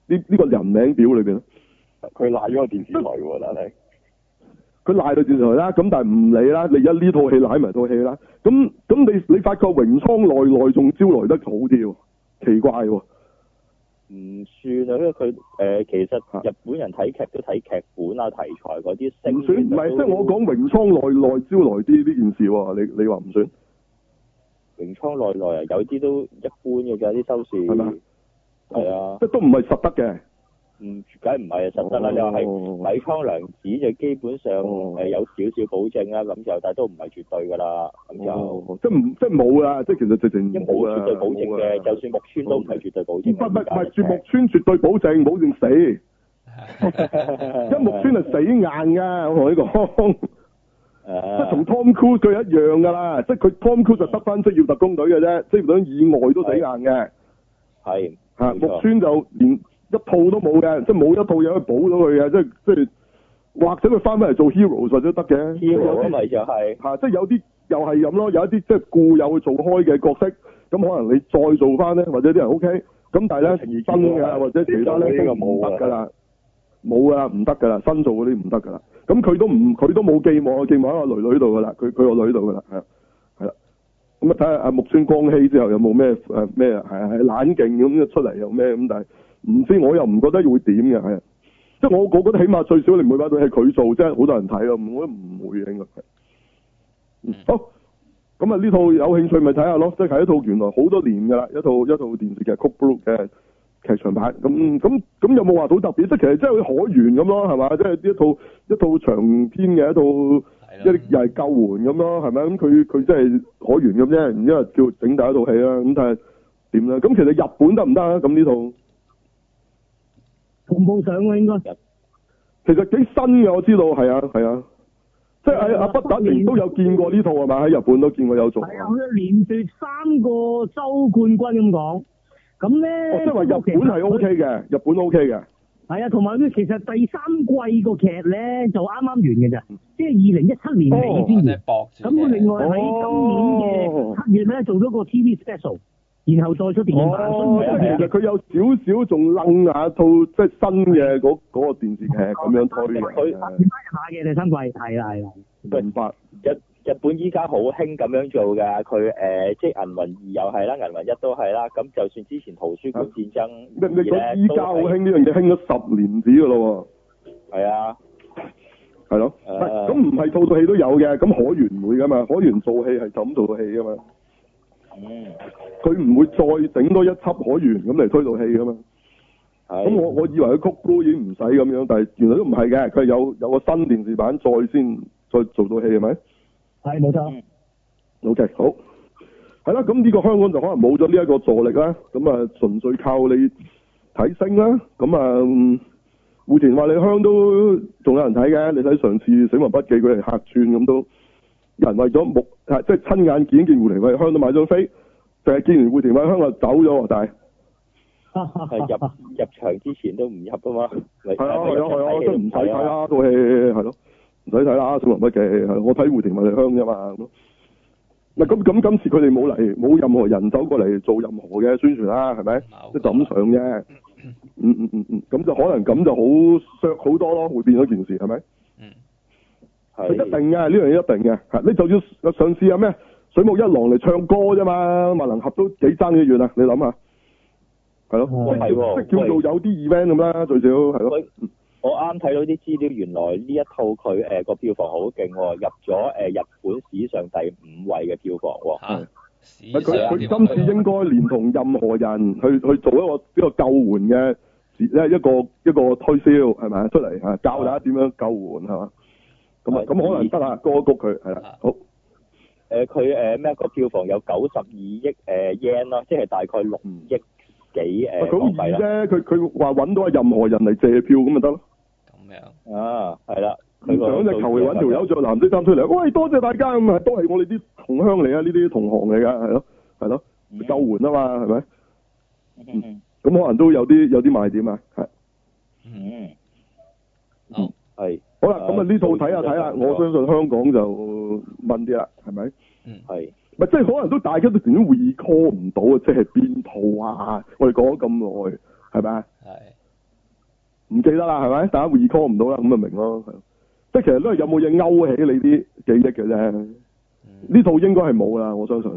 呢呢個人名表裏邊？佢賴咗個電視台喎，但係佢賴到電視台啦，咁但係唔理啦。你而家呢套戲賴埋套戲啦，咁咁你你發覺榮倉內內仲招來得好啲喎，奇怪喎！唔算啊，因為佢誒、呃，其實日本人睇劇都睇劇本啊，題材嗰啲。唔算，唔係，即係我講榮倉奈奈招來啲呢件事喎、啊，你你話唔算？榮倉奈奈啊，有啲都一般嘅，噶啲收視係嘛，係啊，即係都唔係實得嘅。唔、嗯，梗唔係啊，實得啦。你話係米倉涼子就基本上、哦呃、有少少保證啦，咁就但都唔係絕對噶啦，咁就即係即係冇啊！即係其實直情冇絕對保證嘅，就算木村都唔係絕對保證的。唔不唔，住木、就是、村絕對保證，保證死。因 木村係死硬噶，我同你講、啊 啊。即同、啊、Tom Cruise 一樣噶啦，即係佢 Tom Cruise 就得翻職業特工隊嘅啫，職業隊以外都死硬嘅。係。吓，木、啊、村就連。嗯一套都冇嘅，即係冇一套嘢可以補到佢嘅，即係即係或者佢翻返嚟做 heroes 都得嘅 heroes 咪就係嚇，即係有啲又係咁咯。有一啲即係固有去做開嘅角色，咁可能你再做翻咧，或者啲人 OK，咁但係咧而新嘅或者其他咧，呢個冇得㗎啦，冇㗎啦，唔得㗎啦，新做嗰啲唔得㗎啦。咁佢都唔佢都冇寄望，我寄望喺個女我女度㗎啦。佢佢個女度㗎啦，係啦，啦、嗯。咁啊睇下阿木村光希之後有冇咩誒咩係係冷靜咁出嚟又咩咁，但係。唔知我又唔覺得會點嘅，係即係我我覺得起碼最少你唔會睇到係佢做，即係好多人睇啊，我都唔會,會應該。好咁啊！呢套有興趣咪睇下咯，即係係一套原來好多年噶啦，一套一套電視劇《Code Blue》嘅 劇場版。咁咁咁有冇話到特別？即係其實即係海猿咁咯，係嘛？即係一套一套長篇嘅一套，一套又係救援咁咯，係咪咁佢佢即係海猿咁啫？因為叫整大一套戲啦。咁但係點啦？咁其實日本得唔得啊？咁呢套？同步上喎、啊、應該，其實幾新嘅我知道，係啊係啊，即係喺阿北打年都有見過呢套。係咪喺日本都見過有做？係啊，連續三個週冠軍咁講，咁咧、哦、即係話日本係 O K 嘅，日本 O K 嘅。係啊，同埋啲其實第三季個劇咧就啱啱完嘅咋，即係二零一七年尾先完。咁、哦、佢、嗯嗯、另外喺今年嘅七月咧、哦、做咗個 TV special。然後再出電影、啊，其實佢有少少仲楞下套，即係新嘅嗰嗰個電視劇咁樣推佢。第、啊啊啊、三季嘅第三季係啦係啦，日日本依家好興咁樣做噶，佢誒、呃、即係銀魂二又係啦，銀魂一都係啦。咁就算之前圖書館戰爭，你你而家好興呢樣嘢，興咗十年紙噶咯。係啊，係咯，咁唔係套套戲都有嘅，咁可圓會噶嘛？可圓做戲係就咁做套戲噶嘛？佢、嗯、唔會再整多一輯海員咁嚟推到戲噶嘛，係，咁我我以為佢 Code Blue 已經唔使咁樣，但係原來都唔係嘅，佢有有個新電視版再先再，再做到戲係咪？係冇錯。O、okay, K 好，係啦，咁呢個香港就可能冇咗呢一個助力啦，咁啊純粹靠你睇星啦，咁啊，戶、嗯、田話你香都仲有人睇嘅，你睇上次《死亡筆記》佢係客串咁都。人為咗目，即係親眼見見戶田惠梨香都買咗飛，淨係見完戶田惠梨香就走咗喎，但係、啊啊啊、入入場之前都唔入噶嘛，係啊係啊係啊，啊，都唔使睇啦，套戲係咯，唔使睇啦，送林乜嘅係我睇戶田惠梨香啫嘛，咁咁今次佢哋冇嚟，冇任何人走過嚟做任何嘅宣傳啦，係咪？即係咁上啫，嗯嗯嗯嗯，咁、嗯嗯嗯、就可能咁就好好多咯，會變咗件事係咪？佢一定嘅呢樣嘢一定嘅，吓你就算上次有咩水木一郎嚟唱歌啫嘛，萬能俠都幾爭幾遠啊！你諗下，係咯，係即係叫做有啲 event 咁啦最少，係咯。我啱睇到啲資料，原來呢一套佢誒個票房好勁，入咗誒日本史上第五位嘅票房。吓、啊，佢今次應該連同任何仁去去做一個呢個救援嘅，一一個一個推銷係咪出嚟吓教大家點樣救援係嘛？咁咁、啊、可能得啦，高估佢係啦，好。誒、呃，佢誒咩個票房有九十二億誒 yen 咯，即係大概六億幾誒。唔、呃啊、易啫，佢佢話搵到任何仁嚟借票咁咪得咯。咁樣啊，係啦。佢、啊、想求其嚟搵條友着藍色衫出嚟，喂，多謝大家咁啊，都係我哋啲同鄉嚟啊，呢啲同行嚟噶，係咯，係咯、嗯，救援啊嘛，係咪？咁可能都有啲有啲賣點啊，係。嗯。係好啦，咁啊呢套睇下睇下，我相信香港就問啲啦，係咪？嗯，係咪即係可能都大家都全然 recall 唔到啊，即係邊套啊！我哋講咗咁耐，係咪？係唔記得啦，係咪？大家 recall 唔到啦，咁咪明咯，即係其實都係有冇嘢勾起你啲記憶嘅啫。呢、嗯、套應該係冇啦，我相信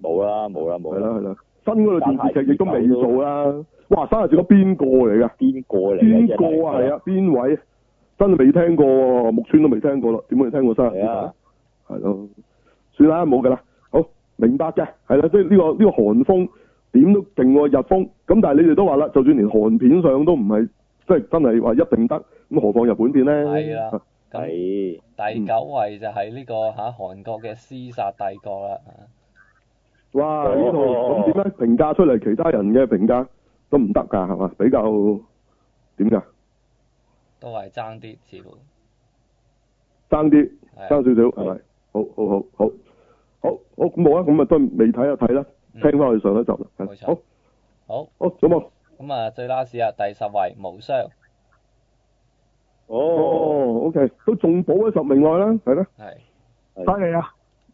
冇啦，冇啦，冇啦，係啦，係啦，新嗰套電視劇亦都未做啦。哇、啊，三十最多邊個嚟噶？邊個嚟？邊個啊？係啊，邊位？真係未聽過，木村都未聽過咯，點會聽過先啊？係啊，係咯，算啦，冇噶啦。好，明白嘅，係啦，即係呢個呢個韓風點都勁過日風咁，但係你哋都話啦，就算連韓片上都唔係，即係真係話一定得，咁何況日本片咧？係啦第第九位就係呢個吓韓國嘅《厮殺帝國》啦、嗯。哇！哦哦呢度咁點樣評價出嚟？其他人嘅評價都唔得噶，係嘛？比較點噶？都係爭啲市盤，爭啲爭少少係咪？好好好好好好咁冇啊，咁啊都未睇就睇啦，聽翻去上一集啦，冇、嗯、好好好咁啊，咁啊最 last 啊第十位無雙，哦，哦，哦，OK 都仲保喺十名外啦，係咯，係，多謝你啊，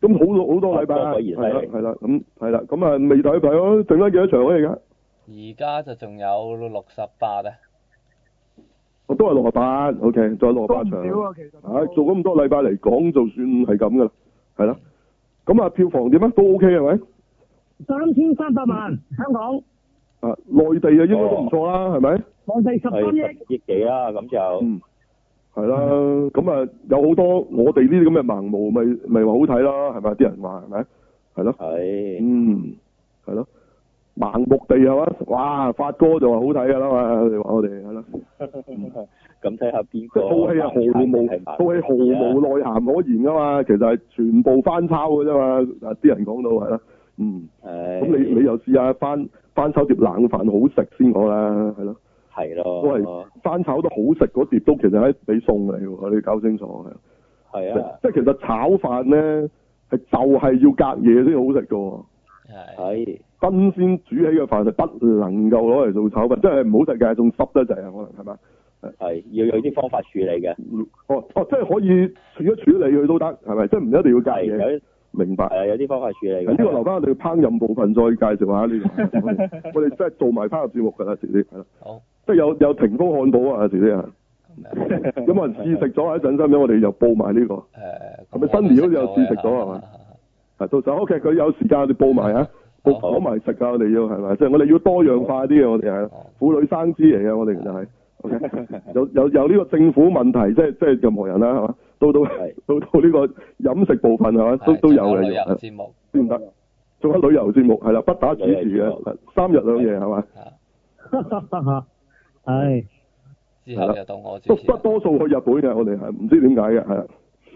咁好多好，好多禮拜，係、嗯、啦，啦，咁係啦，咁啊未睇睇咯，剩翻幾多場可而家，而家就仲有六十八啊。我都係六十八，OK，再六十八場，唉，做咁多個禮拜嚟講，就算係咁噶啦，係咯。咁啊，票房點樣？都 OK 係咪？三千三百萬香港。啊，內地啊，應該都唔錯啦，係咪？放低十億幾啦，咁就係啦。咁啊，有好多我哋呢啲咁嘅盲毛咪咪話好睇啦，係咪？啲人話係咪？係咯。係。嗯，係咯。盲目地係啊，哇！發哥就話好睇噶啦嘛，你話我哋係咯。咁睇下邊個。即係套戲啊，毫無套戲，毫無內涵可言噶嘛。其實係全部翻炒嘅啫嘛。啲人講到係咯，嗯。誒。咁、嗯、你你又試下翻翻炒碟冷飯好食先講啦，係咯。係咯。都係、哦、翻炒得好食嗰碟都其實係俾餸嚟，我哋搞清楚係。係啊。即係其實炒飯咧，係就係、是、要隔夜先好食噶。係，新鮮煮起嘅飯就不能夠攞嚟做炒飯，即係唔好食嘅，仲濕得滯啊，可能係嘛？係，要有啲方法處理嘅。哦哦，即係可以處理一處理佢都得，係咪？即係唔一定要介意是，明白。是有啲方法處理。呢、這個留翻我哋烹飪部分再介紹下呢、這個， 我哋真係做埋烹飪節目噶啦，遲啲。係好。即係有有停風漢堡啊，遲啲啊。咁 啊，試食咗一陣間，咁我哋又報埋、這、呢個。誒、嗯。係咪 Sunny 好似又試食咗係嘛？ 啊，到時 OK，佢有時間我哋報埋啊、哦，報講埋食噶，我哋要係咪？即係、就是、我哋要多樣化啲嘅，我哋係、哦。婦女生枝嚟嘅，我哋就係、是 okay? 有有有呢個政府問題，即係即係任何仁啦，係嘛？到到到到呢個飲食部分係嘛？都都有嘅。旅遊節目先得，做咗旅遊節目係啦，不打主持嘅，三日兩夜係嘛？係。哈哈哈哈哈！之後就到我。不多數去日本嘅，我哋係唔知點解嘅係。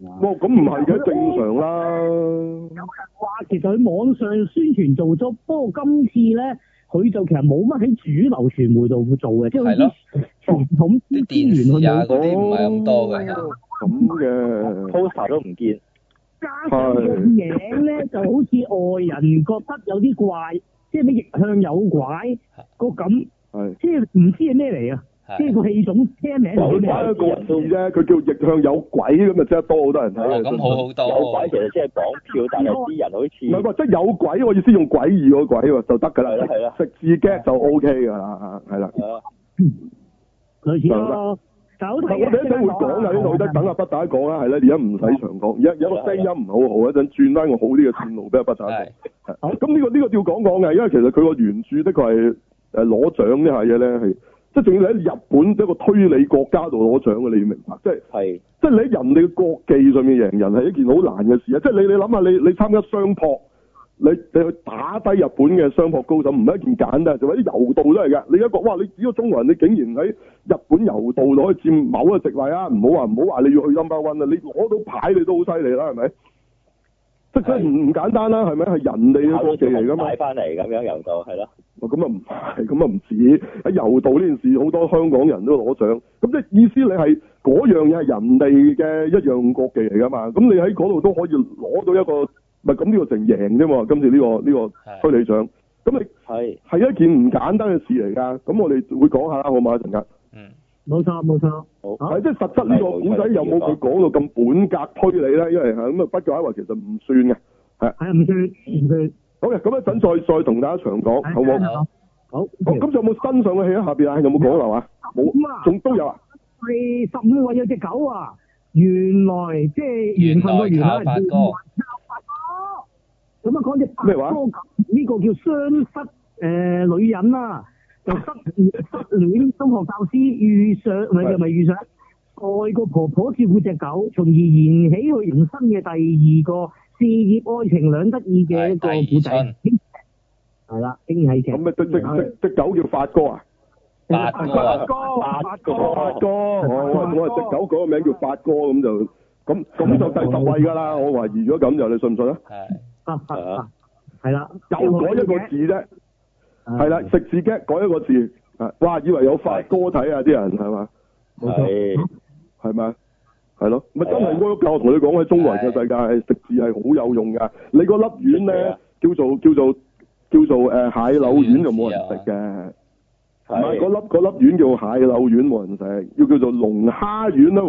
哇，咁唔係嘅，正常啦。有人話其實佢網上宣傳做咗，不過今次咧佢就其實冇乜喺主流傳媒度做嘅，即係傳統啲資源去啲嗰啲唔係咁多㗎。咁嘅 poster 都唔見，加上個影咧就好似外人覺得有啲怪，即係你逆向有怪、嗰個感，即係唔知係咩嚟啊！即係個戲總聽名，有鬼都唔似啫。佢叫逆向有鬼咁，就真係多好多人睇。咁好好多。有鬼其實即係講票，嗯、但係有啲人好似唔係喎。即係有鬼，我意思用詭異嗰個鬼就得㗎啦。係啦，係啦。食字 get 就 OK 㗎啦，係啦。係啊。佢而家我哋一陣會講㗎。呢度我得等阿不打講啦。係啦。而家唔使長講，而、啊、家有一個聲音唔好好，一陣轉翻個好啲嘅線路俾阿不打。咁呢個呢個要講講嘅，因為其實佢個原著的確係誒攞獎呢下嘢咧即係仲要你喺日本一個推理國家度攞獎嘅，你要明白，即係，即係你喺人哋嘅國技上面贏人係一件好難嘅事啊！即係你你諗下，你你參加相撲，你你去打低日本嘅相撲高手，唔係一件簡單，就有啲柔道都係㗎。你一個哇，你只個中國人，你竟然喺日本柔道攞去佔某個席位啊！唔好話唔好話你要去 number one 啊！你攞到牌你都好犀利啦，係咪？即係唔唔簡單啦，係咪？係人哋嘅國技嚟噶嘛，買翻嚟咁樣遊道係啦。咁啊唔係，咁啊唔止喺遊道呢件事，好多香港人都攞獎。咁即係意思係你係嗰樣嘢係人哋嘅一樣國技嚟噶嘛？咁你喺嗰度都可以攞到一個咪咁呢個成贏啫嘛？今次呢個呢個推理獎，咁你係係一件唔簡單嘅事嚟噶。咁我哋會講下啦，好嗎，一陣間。嗯。冇錯，冇錯。好，嗯、即係實質呢、這個古仔有冇佢講到咁本格推理咧？因為係咁啊，不過一位其實唔算嘅，係係唔算，唔、嗯、算。好嘅，咁一陣再再同大家詳講，好冇、嗯？好。咁、哦、仲有冇新上嘅戲喺下邊、嗯、啊，有冇講啊？冇。咁啊，仲都有啊？係十五位有隻狗啊！原來即係原嚟個原嚟原嚟有八哥，咁啊講隻八哥呢、啊啊這個叫雙失誒女人啊！又失失戀中學教師遇上，咪就咪遇上外國婆婆照顧隻狗，從而燃起佢人生嘅第二個事業愛情兩得意嘅一個古仔。係啦，竟然係嘅。咁咪只只只狗叫發哥啊？發哥，發哥，發哥。我我我隻狗嗰個名叫發哥，咁就咁咁就第十位噶啦。我懷疑咗咁就你信唔信啊？係係啊，係啦，就咗一個字啫。係啦，食字 g 改一個字，啊，哇，以為有發哥睇啊，啲人係嘛，冇錯，係咪？係咯，咪真係我而家我同你講喺中環嘅世界，食字係好有用噶。你個粒丸咧、啊，叫做叫做叫做誒蟹、啊、蟹柳丸，就冇人食嘅。唔係，嗰粒粒丸叫蟹柳丸，冇人食，要叫做龍蝦丸啦。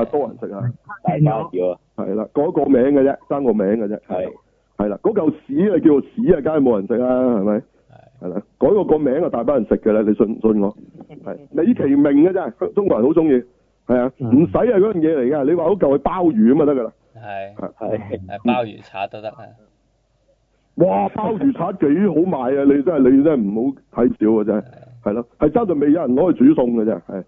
哇，多人食啊！係啦，改一個名嘅啫，爭個名嘅啫。係係啦，嗰嚿屎啊，叫做屎啊，梗係冇人食啦，係咪？係啦，改個個名啊，大把人食嘅啦，你信唔信我？係美其名嘅啫，中國人好中意，係啊，唔使啊嗰樣嘢嚟噶，你話好舊係鮑魚啊嘛得噶啦，係係係鮑魚刷都得啊、嗯！哇，鮑魚刷幾好賣啊！你真係你真係唔好睇少嘅真係，係咯、啊，係真係未有人攞去煮餸嘅啫，係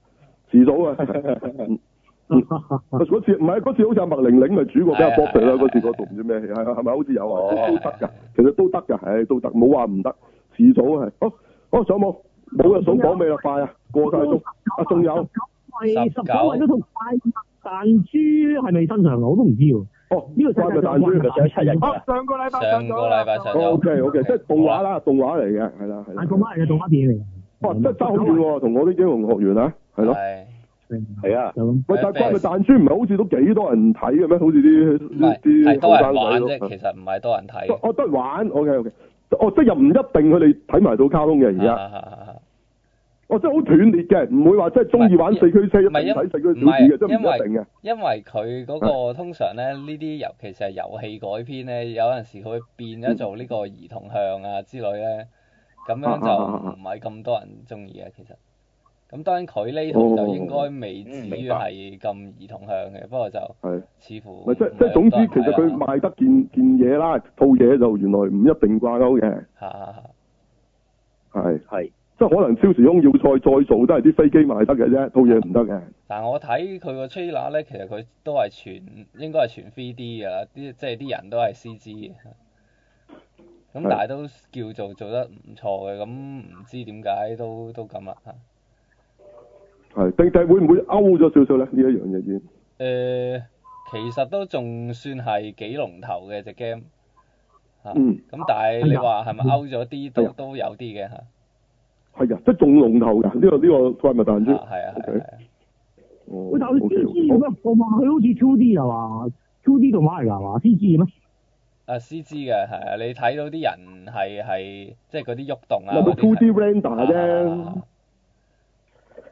遲、啊、早啊！嗰次唔係嗰次，是次好似阿麥玲玲咪煮過俾阿博食啦。嗰次嗰度唔知咩戲係咪？好似有啊，哦、都都得噶，其實都得噶，係、啊、都得，冇話唔得。二組係，好，好上冇，冇啊，數講未啊，快啊，過晒鍾，啊仲有，十九，十九都同怪物彈珠係咪新上嚟？我都唔知喎，哦，呢、哦哦、個、就是、怪物彈珠咪上七日上個禮拜上，上個禮拜上，上，上、哦、OK OK，即係動畫啦，動畫嚟嘅，係啦係，係動畫嚟嘅，動畫片嚟嘅，哇、啊啊啊，真係爭好遠喎、啊，同我啲英雄學院啊，係咯，係，啊，喂，但怪物彈珠唔係好似都幾多人睇嘅咩？好似啲，啲，係，係多人玩其實唔係多人睇哦，多人玩，OK OK。哦，即係又唔一定佢哋睇埋到卡通嘅而家，哦，即係好斷裂嘅，唔會話即係中意玩四驅車一定睇四驅嗰啲小子嘅，係唔一定因為佢嗰、嗰個通常咧，呢啲尤其是係遊戲改編咧、啊，有陣時佢會變咗做呢個兒童向啊之類咧，咁、嗯、樣就唔係咁多人中意啊，其實。咁當然佢呢套就應該未至於係咁兒童向嘅，哦，不過就似乎係即，總之其實佢賣得件件嘢啦，套嘢就原來唔一定掛鈎嘅。係，係即可能超時空要再再做都係啲飛機賣得嘅啫，套嘢唔得嘅。但係我睇佢個 trailer 咧，其實佢都係全應該係全 3D 嘅啦，啲即係啲人都係 C G 嘅。咁但係都叫做做得唔錯嘅，咁唔知點解都都咁啦係，定製會唔會勾咗少少咧？呢一樣嘢先。誒、呃，其實都仲算係幾龍頭嘅隻 game。嗯。咁、啊、但係你話係咪勾咗啲都、啊、都有啲嘅係啊，即係仲龍頭㗎呢、呢個呢、呢個怪物彈珠係啊。哦、啊。喂、okay. 啊，但係你 C G 咩？我話佢好似 two D 啊嘛？two D 定埋 G 係嘛？C G 咩？啊，C G 嘅係啊，你睇到啲人係係即係嗰啲喐動啊。有冇 two D render 啫？啊啊。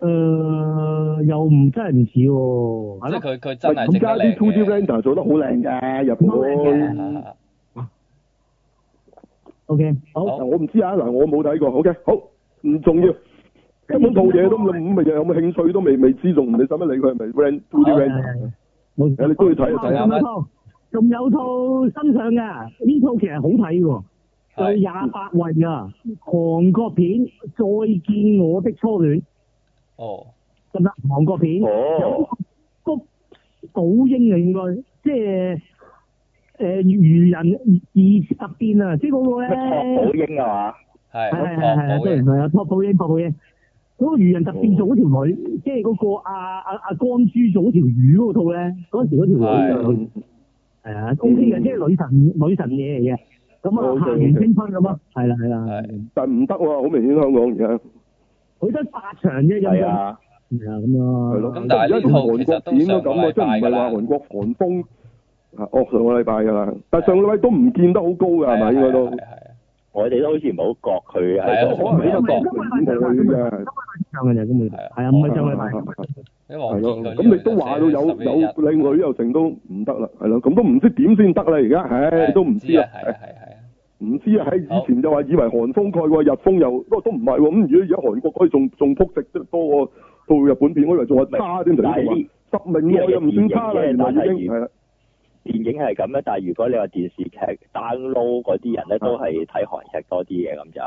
誒，又唔真係唔似喎，即係佢佢真係而家啲 two D render 做得好靚噶，入邊咧。O K，好，我唔知啊，嗱我冇睇過，O K，好，唔重要，根本套嘢都唔未有，有冇興趣都未未知，仲你使乜理佢係咪 render two D render？啊，你都要睇一睇啊。仲有套，仲有套新上嘅，呢套其實好睇喎，廿八位啊，韓國片《再見我的初戀》。哦、oh.，得唔得？韓國片，有嗰寶英啊，那個、應該即係誒魚人二特變啊，即係嗰個咧。寶英啊嘛？係。係係係啊，當然係啊，朴寶英，朴寶英，嗰、那個魚人特變做嗰條女，即係嗰個阿阿阿江珠做條魚嗰套咧，嗰時嗰條女，hey. 就是女，女嗯 oh. oh. 啊，係啊公司嘅，即係女神女神嘢嚟嘅，咁啊行年青春咁啊，係啦係啦，但唔得喎，好明顯香港而家。好多八場啫，係啊，係啊，咁咯。係咯，而家啲韓國點都咁啊，真係唔係話韓國寒風啊，惡上個禮拜拜㗎啦。但係上個禮拜都唔見得好高㗎，係咪應該都？係啊，啊，我哋都好似唔好覺佢啊，唔係好覺佢點睇佢㗎。係啊，五分係啊，五分鐘未大。因為咁，你都話到、就是、有有靚女又成都唔、啊、得啦，係咯，咁都唔知點先得啦而家，唉、啊哎，都唔知，知係啊，係啊哎唔知啊，喺以前就話以為韓風蓋過日風又不過都唔係喎。咁如果而家韓國可以仲仲撲食得多過到日本片，我以為仲係差添。十名嘅啲。十名嘅電影嘅題材但啦，電影係咁咧。但係如果你話電視劇 download 嗰啲人咧，都係睇韓劇多啲嘅咁就。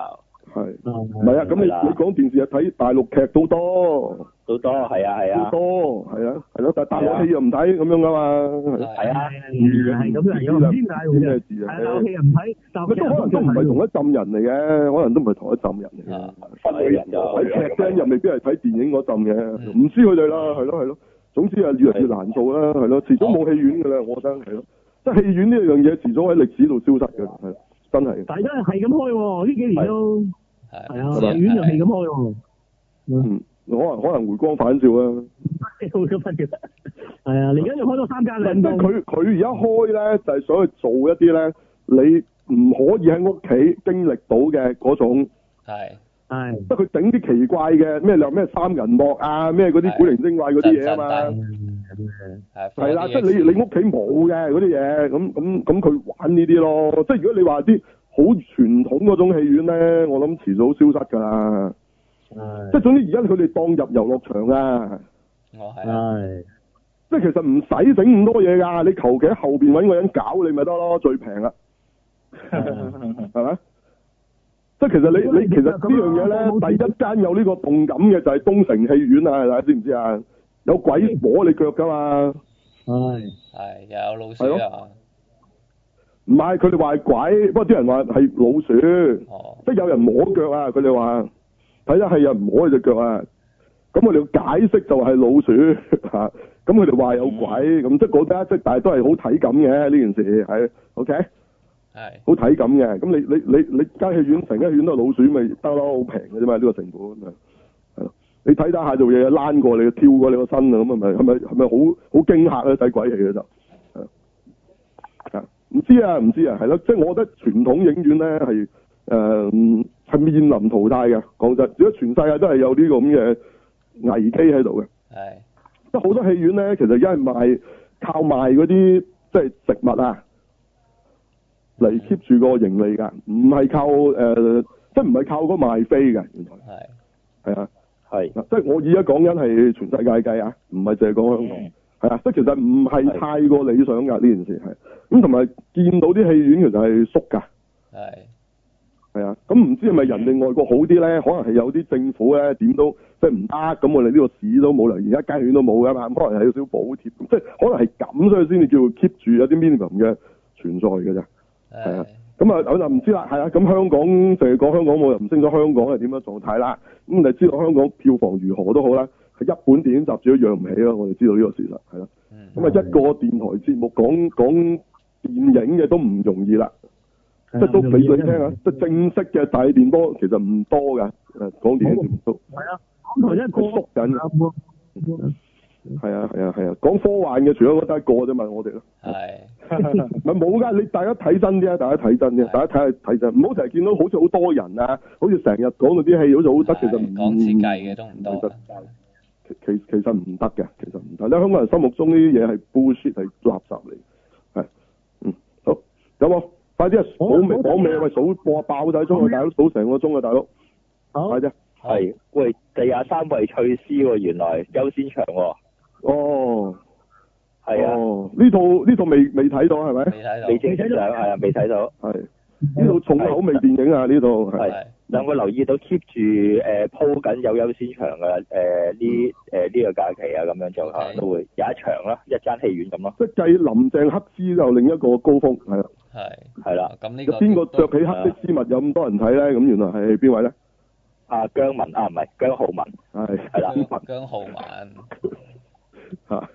係，係、哦、啊？咁你你講電視啊，睇大陸劇都多，都多係啊係啊，都多係啊係咯。但係大陸戲又唔睇咁樣噶嘛，係啊，係咁樣。啲咩事啊？係咯，戲又唔睇，但係都可能都唔係同一陣人嚟嘅，可能都唔係同一陣人嚟嘅。睇人又睇劇又未必係睇電影嗰陣嘅，唔知佢哋啦，係咯係咯。總之啊，越嚟越難做啦，係咯，遲早冇戲院噶啦，我覺得係咯。即係戲院呢樣嘢，遲早喺歷史度消失嘅，係真係。但係都係咁開喎，呢幾年係啊，荔苑又係咁開喎。嗯，可能可能回光返照啦。係啊，你而家又開三家多三間啦。咁佢佢而家開咧，就係、係、想去做一啲咧，你唔可以喺屋企經歷到嘅，嗰種。係。係、嗯。得佢整啲奇怪嘅，咩，又咩三人幕啊，咩嗰啲古靈精怪嗰啲嘢啊嘛。係啦、啊嗯嗯嗯啊，即係你你屋企冇嘅嗰啲嘢，咁咁咁佢玩呢啲咯。即係如果你話啲。好傳統嗰種戲院咧，我諗遲早消失㗎啦。即係總之，而家佢哋當入遊樂場㗎。我、哦、係。即係、啊、其實唔使整咁多嘢㗎，你求其喺後面搵個人搞你咪得咯，最平啦。係 咪 ？即係其實你你其實呢樣嘢咧，第一間有呢個動感嘅就係東城戲院啊，咪？大家知唔知啊？有鬼摸你腳㗎嘛。係。係又有老鼠啊！唔係，佢哋話係鬼，不過啲人話係老鼠，哦、即係有人摸腳啊！佢哋話睇得係啊，唔摸佢隻腳啊，咁我哋解釋就係老鼠嚇，咁佢哋話有鬼，咁、嗯、即係講即但係都係好體感嘅呢件事係，OK？係好體感嘅，咁你你你你間戲院成間戲院都係老鼠咪得咯，好平嘅啫嘛，呢個成本啊、這個，你睇得下做嘢，躝過你，跳過你個身啊，咁啊咪係咪係咪好好驚嚇啊！睇鬼戲嘅就。唔知啊，唔知啊，係咯，即係我覺得傳統影院咧係誒係面臨淘汰嘅，講真，如果全世界都係有啲咁嘅危機喺度嘅。係。即係好多戲院咧，其實而家係賣靠賣嗰啲即係食物啊嚟 keep 住個盈利㗎，唔係靠誒，即係唔係靠嗰賣飛㗎。原來係。係啊。係。即係我而家講緊係全世界計啊，唔係淨係講香港。係啊，即其實唔係太過理想㗎呢件事係，咁同埋見到啲戲院其實係縮㗎，係，啊，咁、嗯、唔知係咪人哋外國好啲咧？可能係有啲政府咧點都即係唔得，咁我哋呢個市都冇啦，而家街院都冇㗎嘛，可能係有少少補貼，即係可能係咁所以先至叫 keep 住有啲 minimum 嘅存在㗎咋，係啊，咁啊、嗯、我就唔知啦，係啊，咁、嗯、香港成係講香港，我又唔清楚香港係點樣狀態啦，咁、嗯、你知道香港票房如何都好啦。一本電影雜誌都養唔起咯，我哋知道呢個事實係啦。咁啊，一個電台節目講講電影嘅都唔容易啦，即係都俾佢聽下，即係、啊、正式嘅大電波其實唔多嘅，誒講電影、嗯嗯嗯、都係、嗯嗯、啊，講台一個嘅，係啊係啊係啊，講科幻嘅，除咗我得一個啫嘛，問我哋咯係咪冇㗎？你大家睇真啲啊，大家睇真啲啊，大家睇下睇真，唔好成日見到好似好多人啊，好似成日講到啲戲好似好得、啊，其實唔講次計嘅都唔多。啊其其實唔得嘅，其實唔得。喺香港人心目中呢啲嘢係 bullshit，係垃圾嚟。係，嗯，好，有冇？快啲啊！好、oh，講未？講未？咪數爆仔中，啊，大佬，數成個鐘啊，大佬。啊？係啫。係，喂，地下、oh, 三位翠絲喎，啊，原來優先場喎，啊。哦。係啊。呢，哦，套呢套未未睇到係咪？未睇到。未正常係啊？未睇到。係。呢套重口味電影啊！呢套係。有冇留意到 keep 住誒鋪緊有優先場嘅誒呢誒呢個假期啊，咁樣就都會有一場啦，一間戲院咁咯。即係林鄭黑絲就另一個高峰，係啦。係。啦，咁、嗯、呢、嗯嗯、個邊個着起黑色絲襪有咁多人睇咧？咁原來係邊位咧？阿姜文啊，唔係姜浩文。係。姜文、啊姜文姜。姜浩文。係、 啊。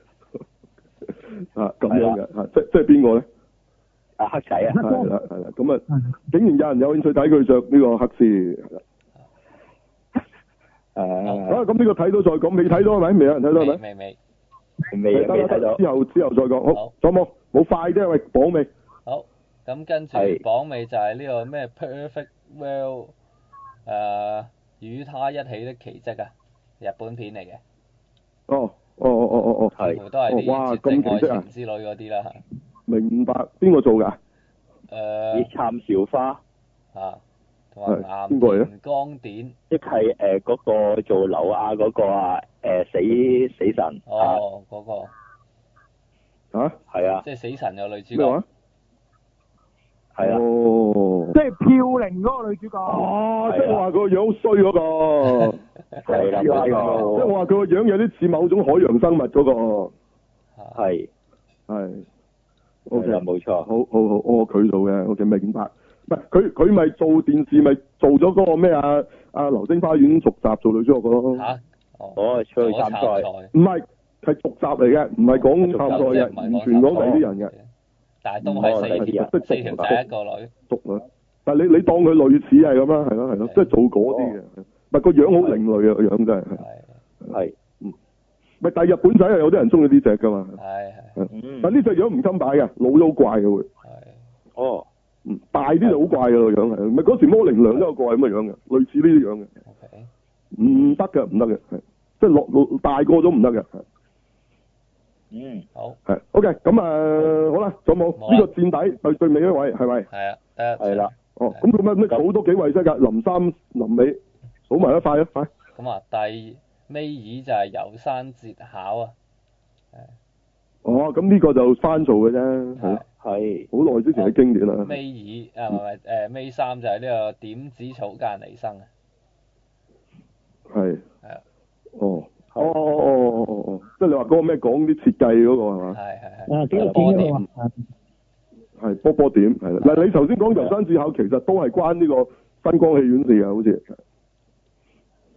係咁樣嘅，即即係邊個咧？黑仔啊，係啦係啦，咁啊，竟然有人有興趣睇佢着呢個黑絲，誒，咁呢個睇到再講，未睇到係咪？未有人睇到係咪？未未未，未之後之後再講。好，仲有冇？Mark, 是是好快啲，喂，榜尾。好，咁跟住榜尾就係呢個咩 Perfect World 誒，與、嗯哦啊、他一起的奇蹟啊，日本片嚟嘅。哦，哦哦哦哦，係。全部都係啲愛情之類嗰啲啦。明白，邊、呃啊就是呃那個做噶、那個？誒、呃，葉燦韶花啊，同埋邊個嚟咧？光即係誒嗰個做柳啊，嗰個啊，誒死死神哦嗰個啊，係啊，即係死神有女主角咩話？係啊，啊、oh, 哦、啊，啊，即係飄零嗰個女主角哦，即係話個樣衰嗰個，係啦，即係話佢個樣有啲似某種海洋生物嗰、那個，係、啊、係。是啊是啊。O K，冇錯，好，好好，我佢做嘅我哋咪演發，唔、okay, 佢，佢咪做電視，咪做咗個咩啊？啊、流星花園續集做女主角咯。嚇、啊！哦，我出去參賽，唔係係續集嚟嘅，唔係講參賽嘅，完、嗯、全講第啲人嘅。但係都四條仔一個女，女、就是。但係你你當佢類似係咁樣，係咯係咯，即係做嗰啲嘅。唔係個樣好另類啊，個樣真係係。咪但係日本仔係有啲人中意呢隻㗎嘛？嗯、但呢隻樣唔襟擺嘅，老咗好怪嘅會，係哦，大啲就好怪嘅個樣係，唔係嗰時魔靈兩都有怪咁嘅樣嘅，類似呢啲樣嘅唔得嘅，唔得嘅，係，即係落大個咗唔得嘅，嗯，好，係，OK，咁啊，好啦，仲有冇呢個墊底，最最尾一位係咪？係啊，係啦，哦，咁咁樣咩？數、嗯、多幾位先噶，林三、林尾，數埋一快一快。咁、嗯、啊，第尾二就係有山節考啊，係。哦，咁呢個就翻做嘅啫，係係，好耐之前嘅經典啦。尾二啊，尾三就係呢個點子草間彌生，係，係啊，哦，哦，哦，哦，哦，哦，即係你話嗰個咩講啲設計嗰個係嘛？係係係。啊，點點係波波點係嗱，你頭先講遊山煮烤，其實都係關呢個燈光戲院事啊，好似。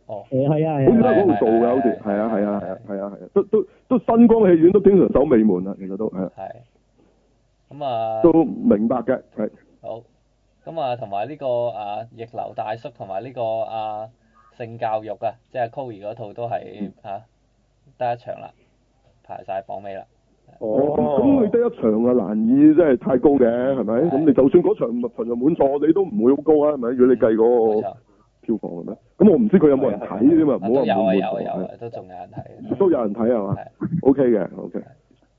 哦，係啊，係啊，度做嘅，好似係啊，啊，啊，啊，都都。新光戲院都經常走尾門啦，其實都係。係。咁、嗯、啊、嗯。都明白嘅，係。好。咁、嗯這個、啊，同埋呢個啊逆流大叔，同埋呢個啊性教育啊，即係 Curry 嗰套都係嚇、嗯啊、得一場啦，排晒榜尾啦。哦。咁、哦、你得一場啊，難以真係太高嘅係咪？咁你就算嗰場場場滿座，你都唔會好高啊，係咪？如、嗯、果你計嗰票房係咩？咁我唔知佢有冇人睇啫嘛，唔好話冇冇。有啊有啊，都仲有人睇、嗯，都有人睇係嘛？O K 嘅，O K。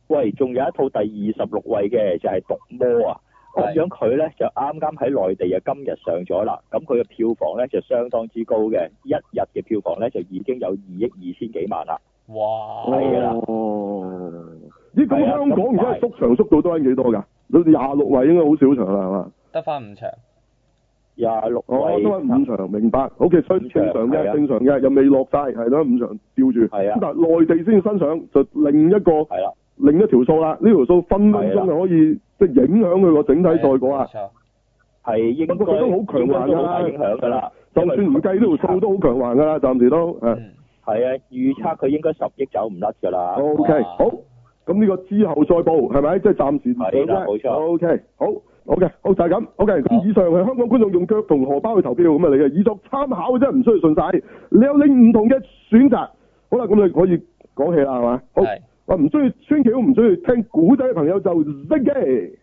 喂，仲有一套第二十六位嘅就係《毒魔》啊，咁樣佢咧就啱啱喺內地啊今日上咗啦，咁佢嘅票房咧就相當之高嘅，一日嘅票房咧就已經有二億二千幾萬啦。哇！係啦。咦、哦？咁香港而家縮場縮到都唔幾多㗎？好似廿六位應該好少場啦，係嘛？得翻五場。廿六、哦，我都話五場明白，場明白，OK，所以正常嘅、啊，正常嘅、啊，又未落晒，係咯、啊，五場吊住。啊。咁但係內地先身上，就另一個，啦、啊，另一條數啦，呢條數分分鐘就可以、啊、即係影響佢個整體賽果係啊。冇錯，係應該。我覺得好強橫啦，影響㗎啦。唔計呢條數都好強橫㗎啦，暫時都誒。係啊，啊，預測佢應該十億走唔甩㗎啦。OK，好。咁呢個之後再報係咪？即係、就是、暫時唔係啦，冇錯、啊、OK，好。Okay, 好嘅，就是、這樣 okay, 好就係咁，OK。咁以上係香港觀眾用腳同荷包去投票咁啊你嘅，以作參考，真係唔需要信晒。你有你唔同嘅選擇。好啦，咁你可以講起啦，係嘛？好，我唔需要穿橋，唔需要聽古仔嘅朋友就升機。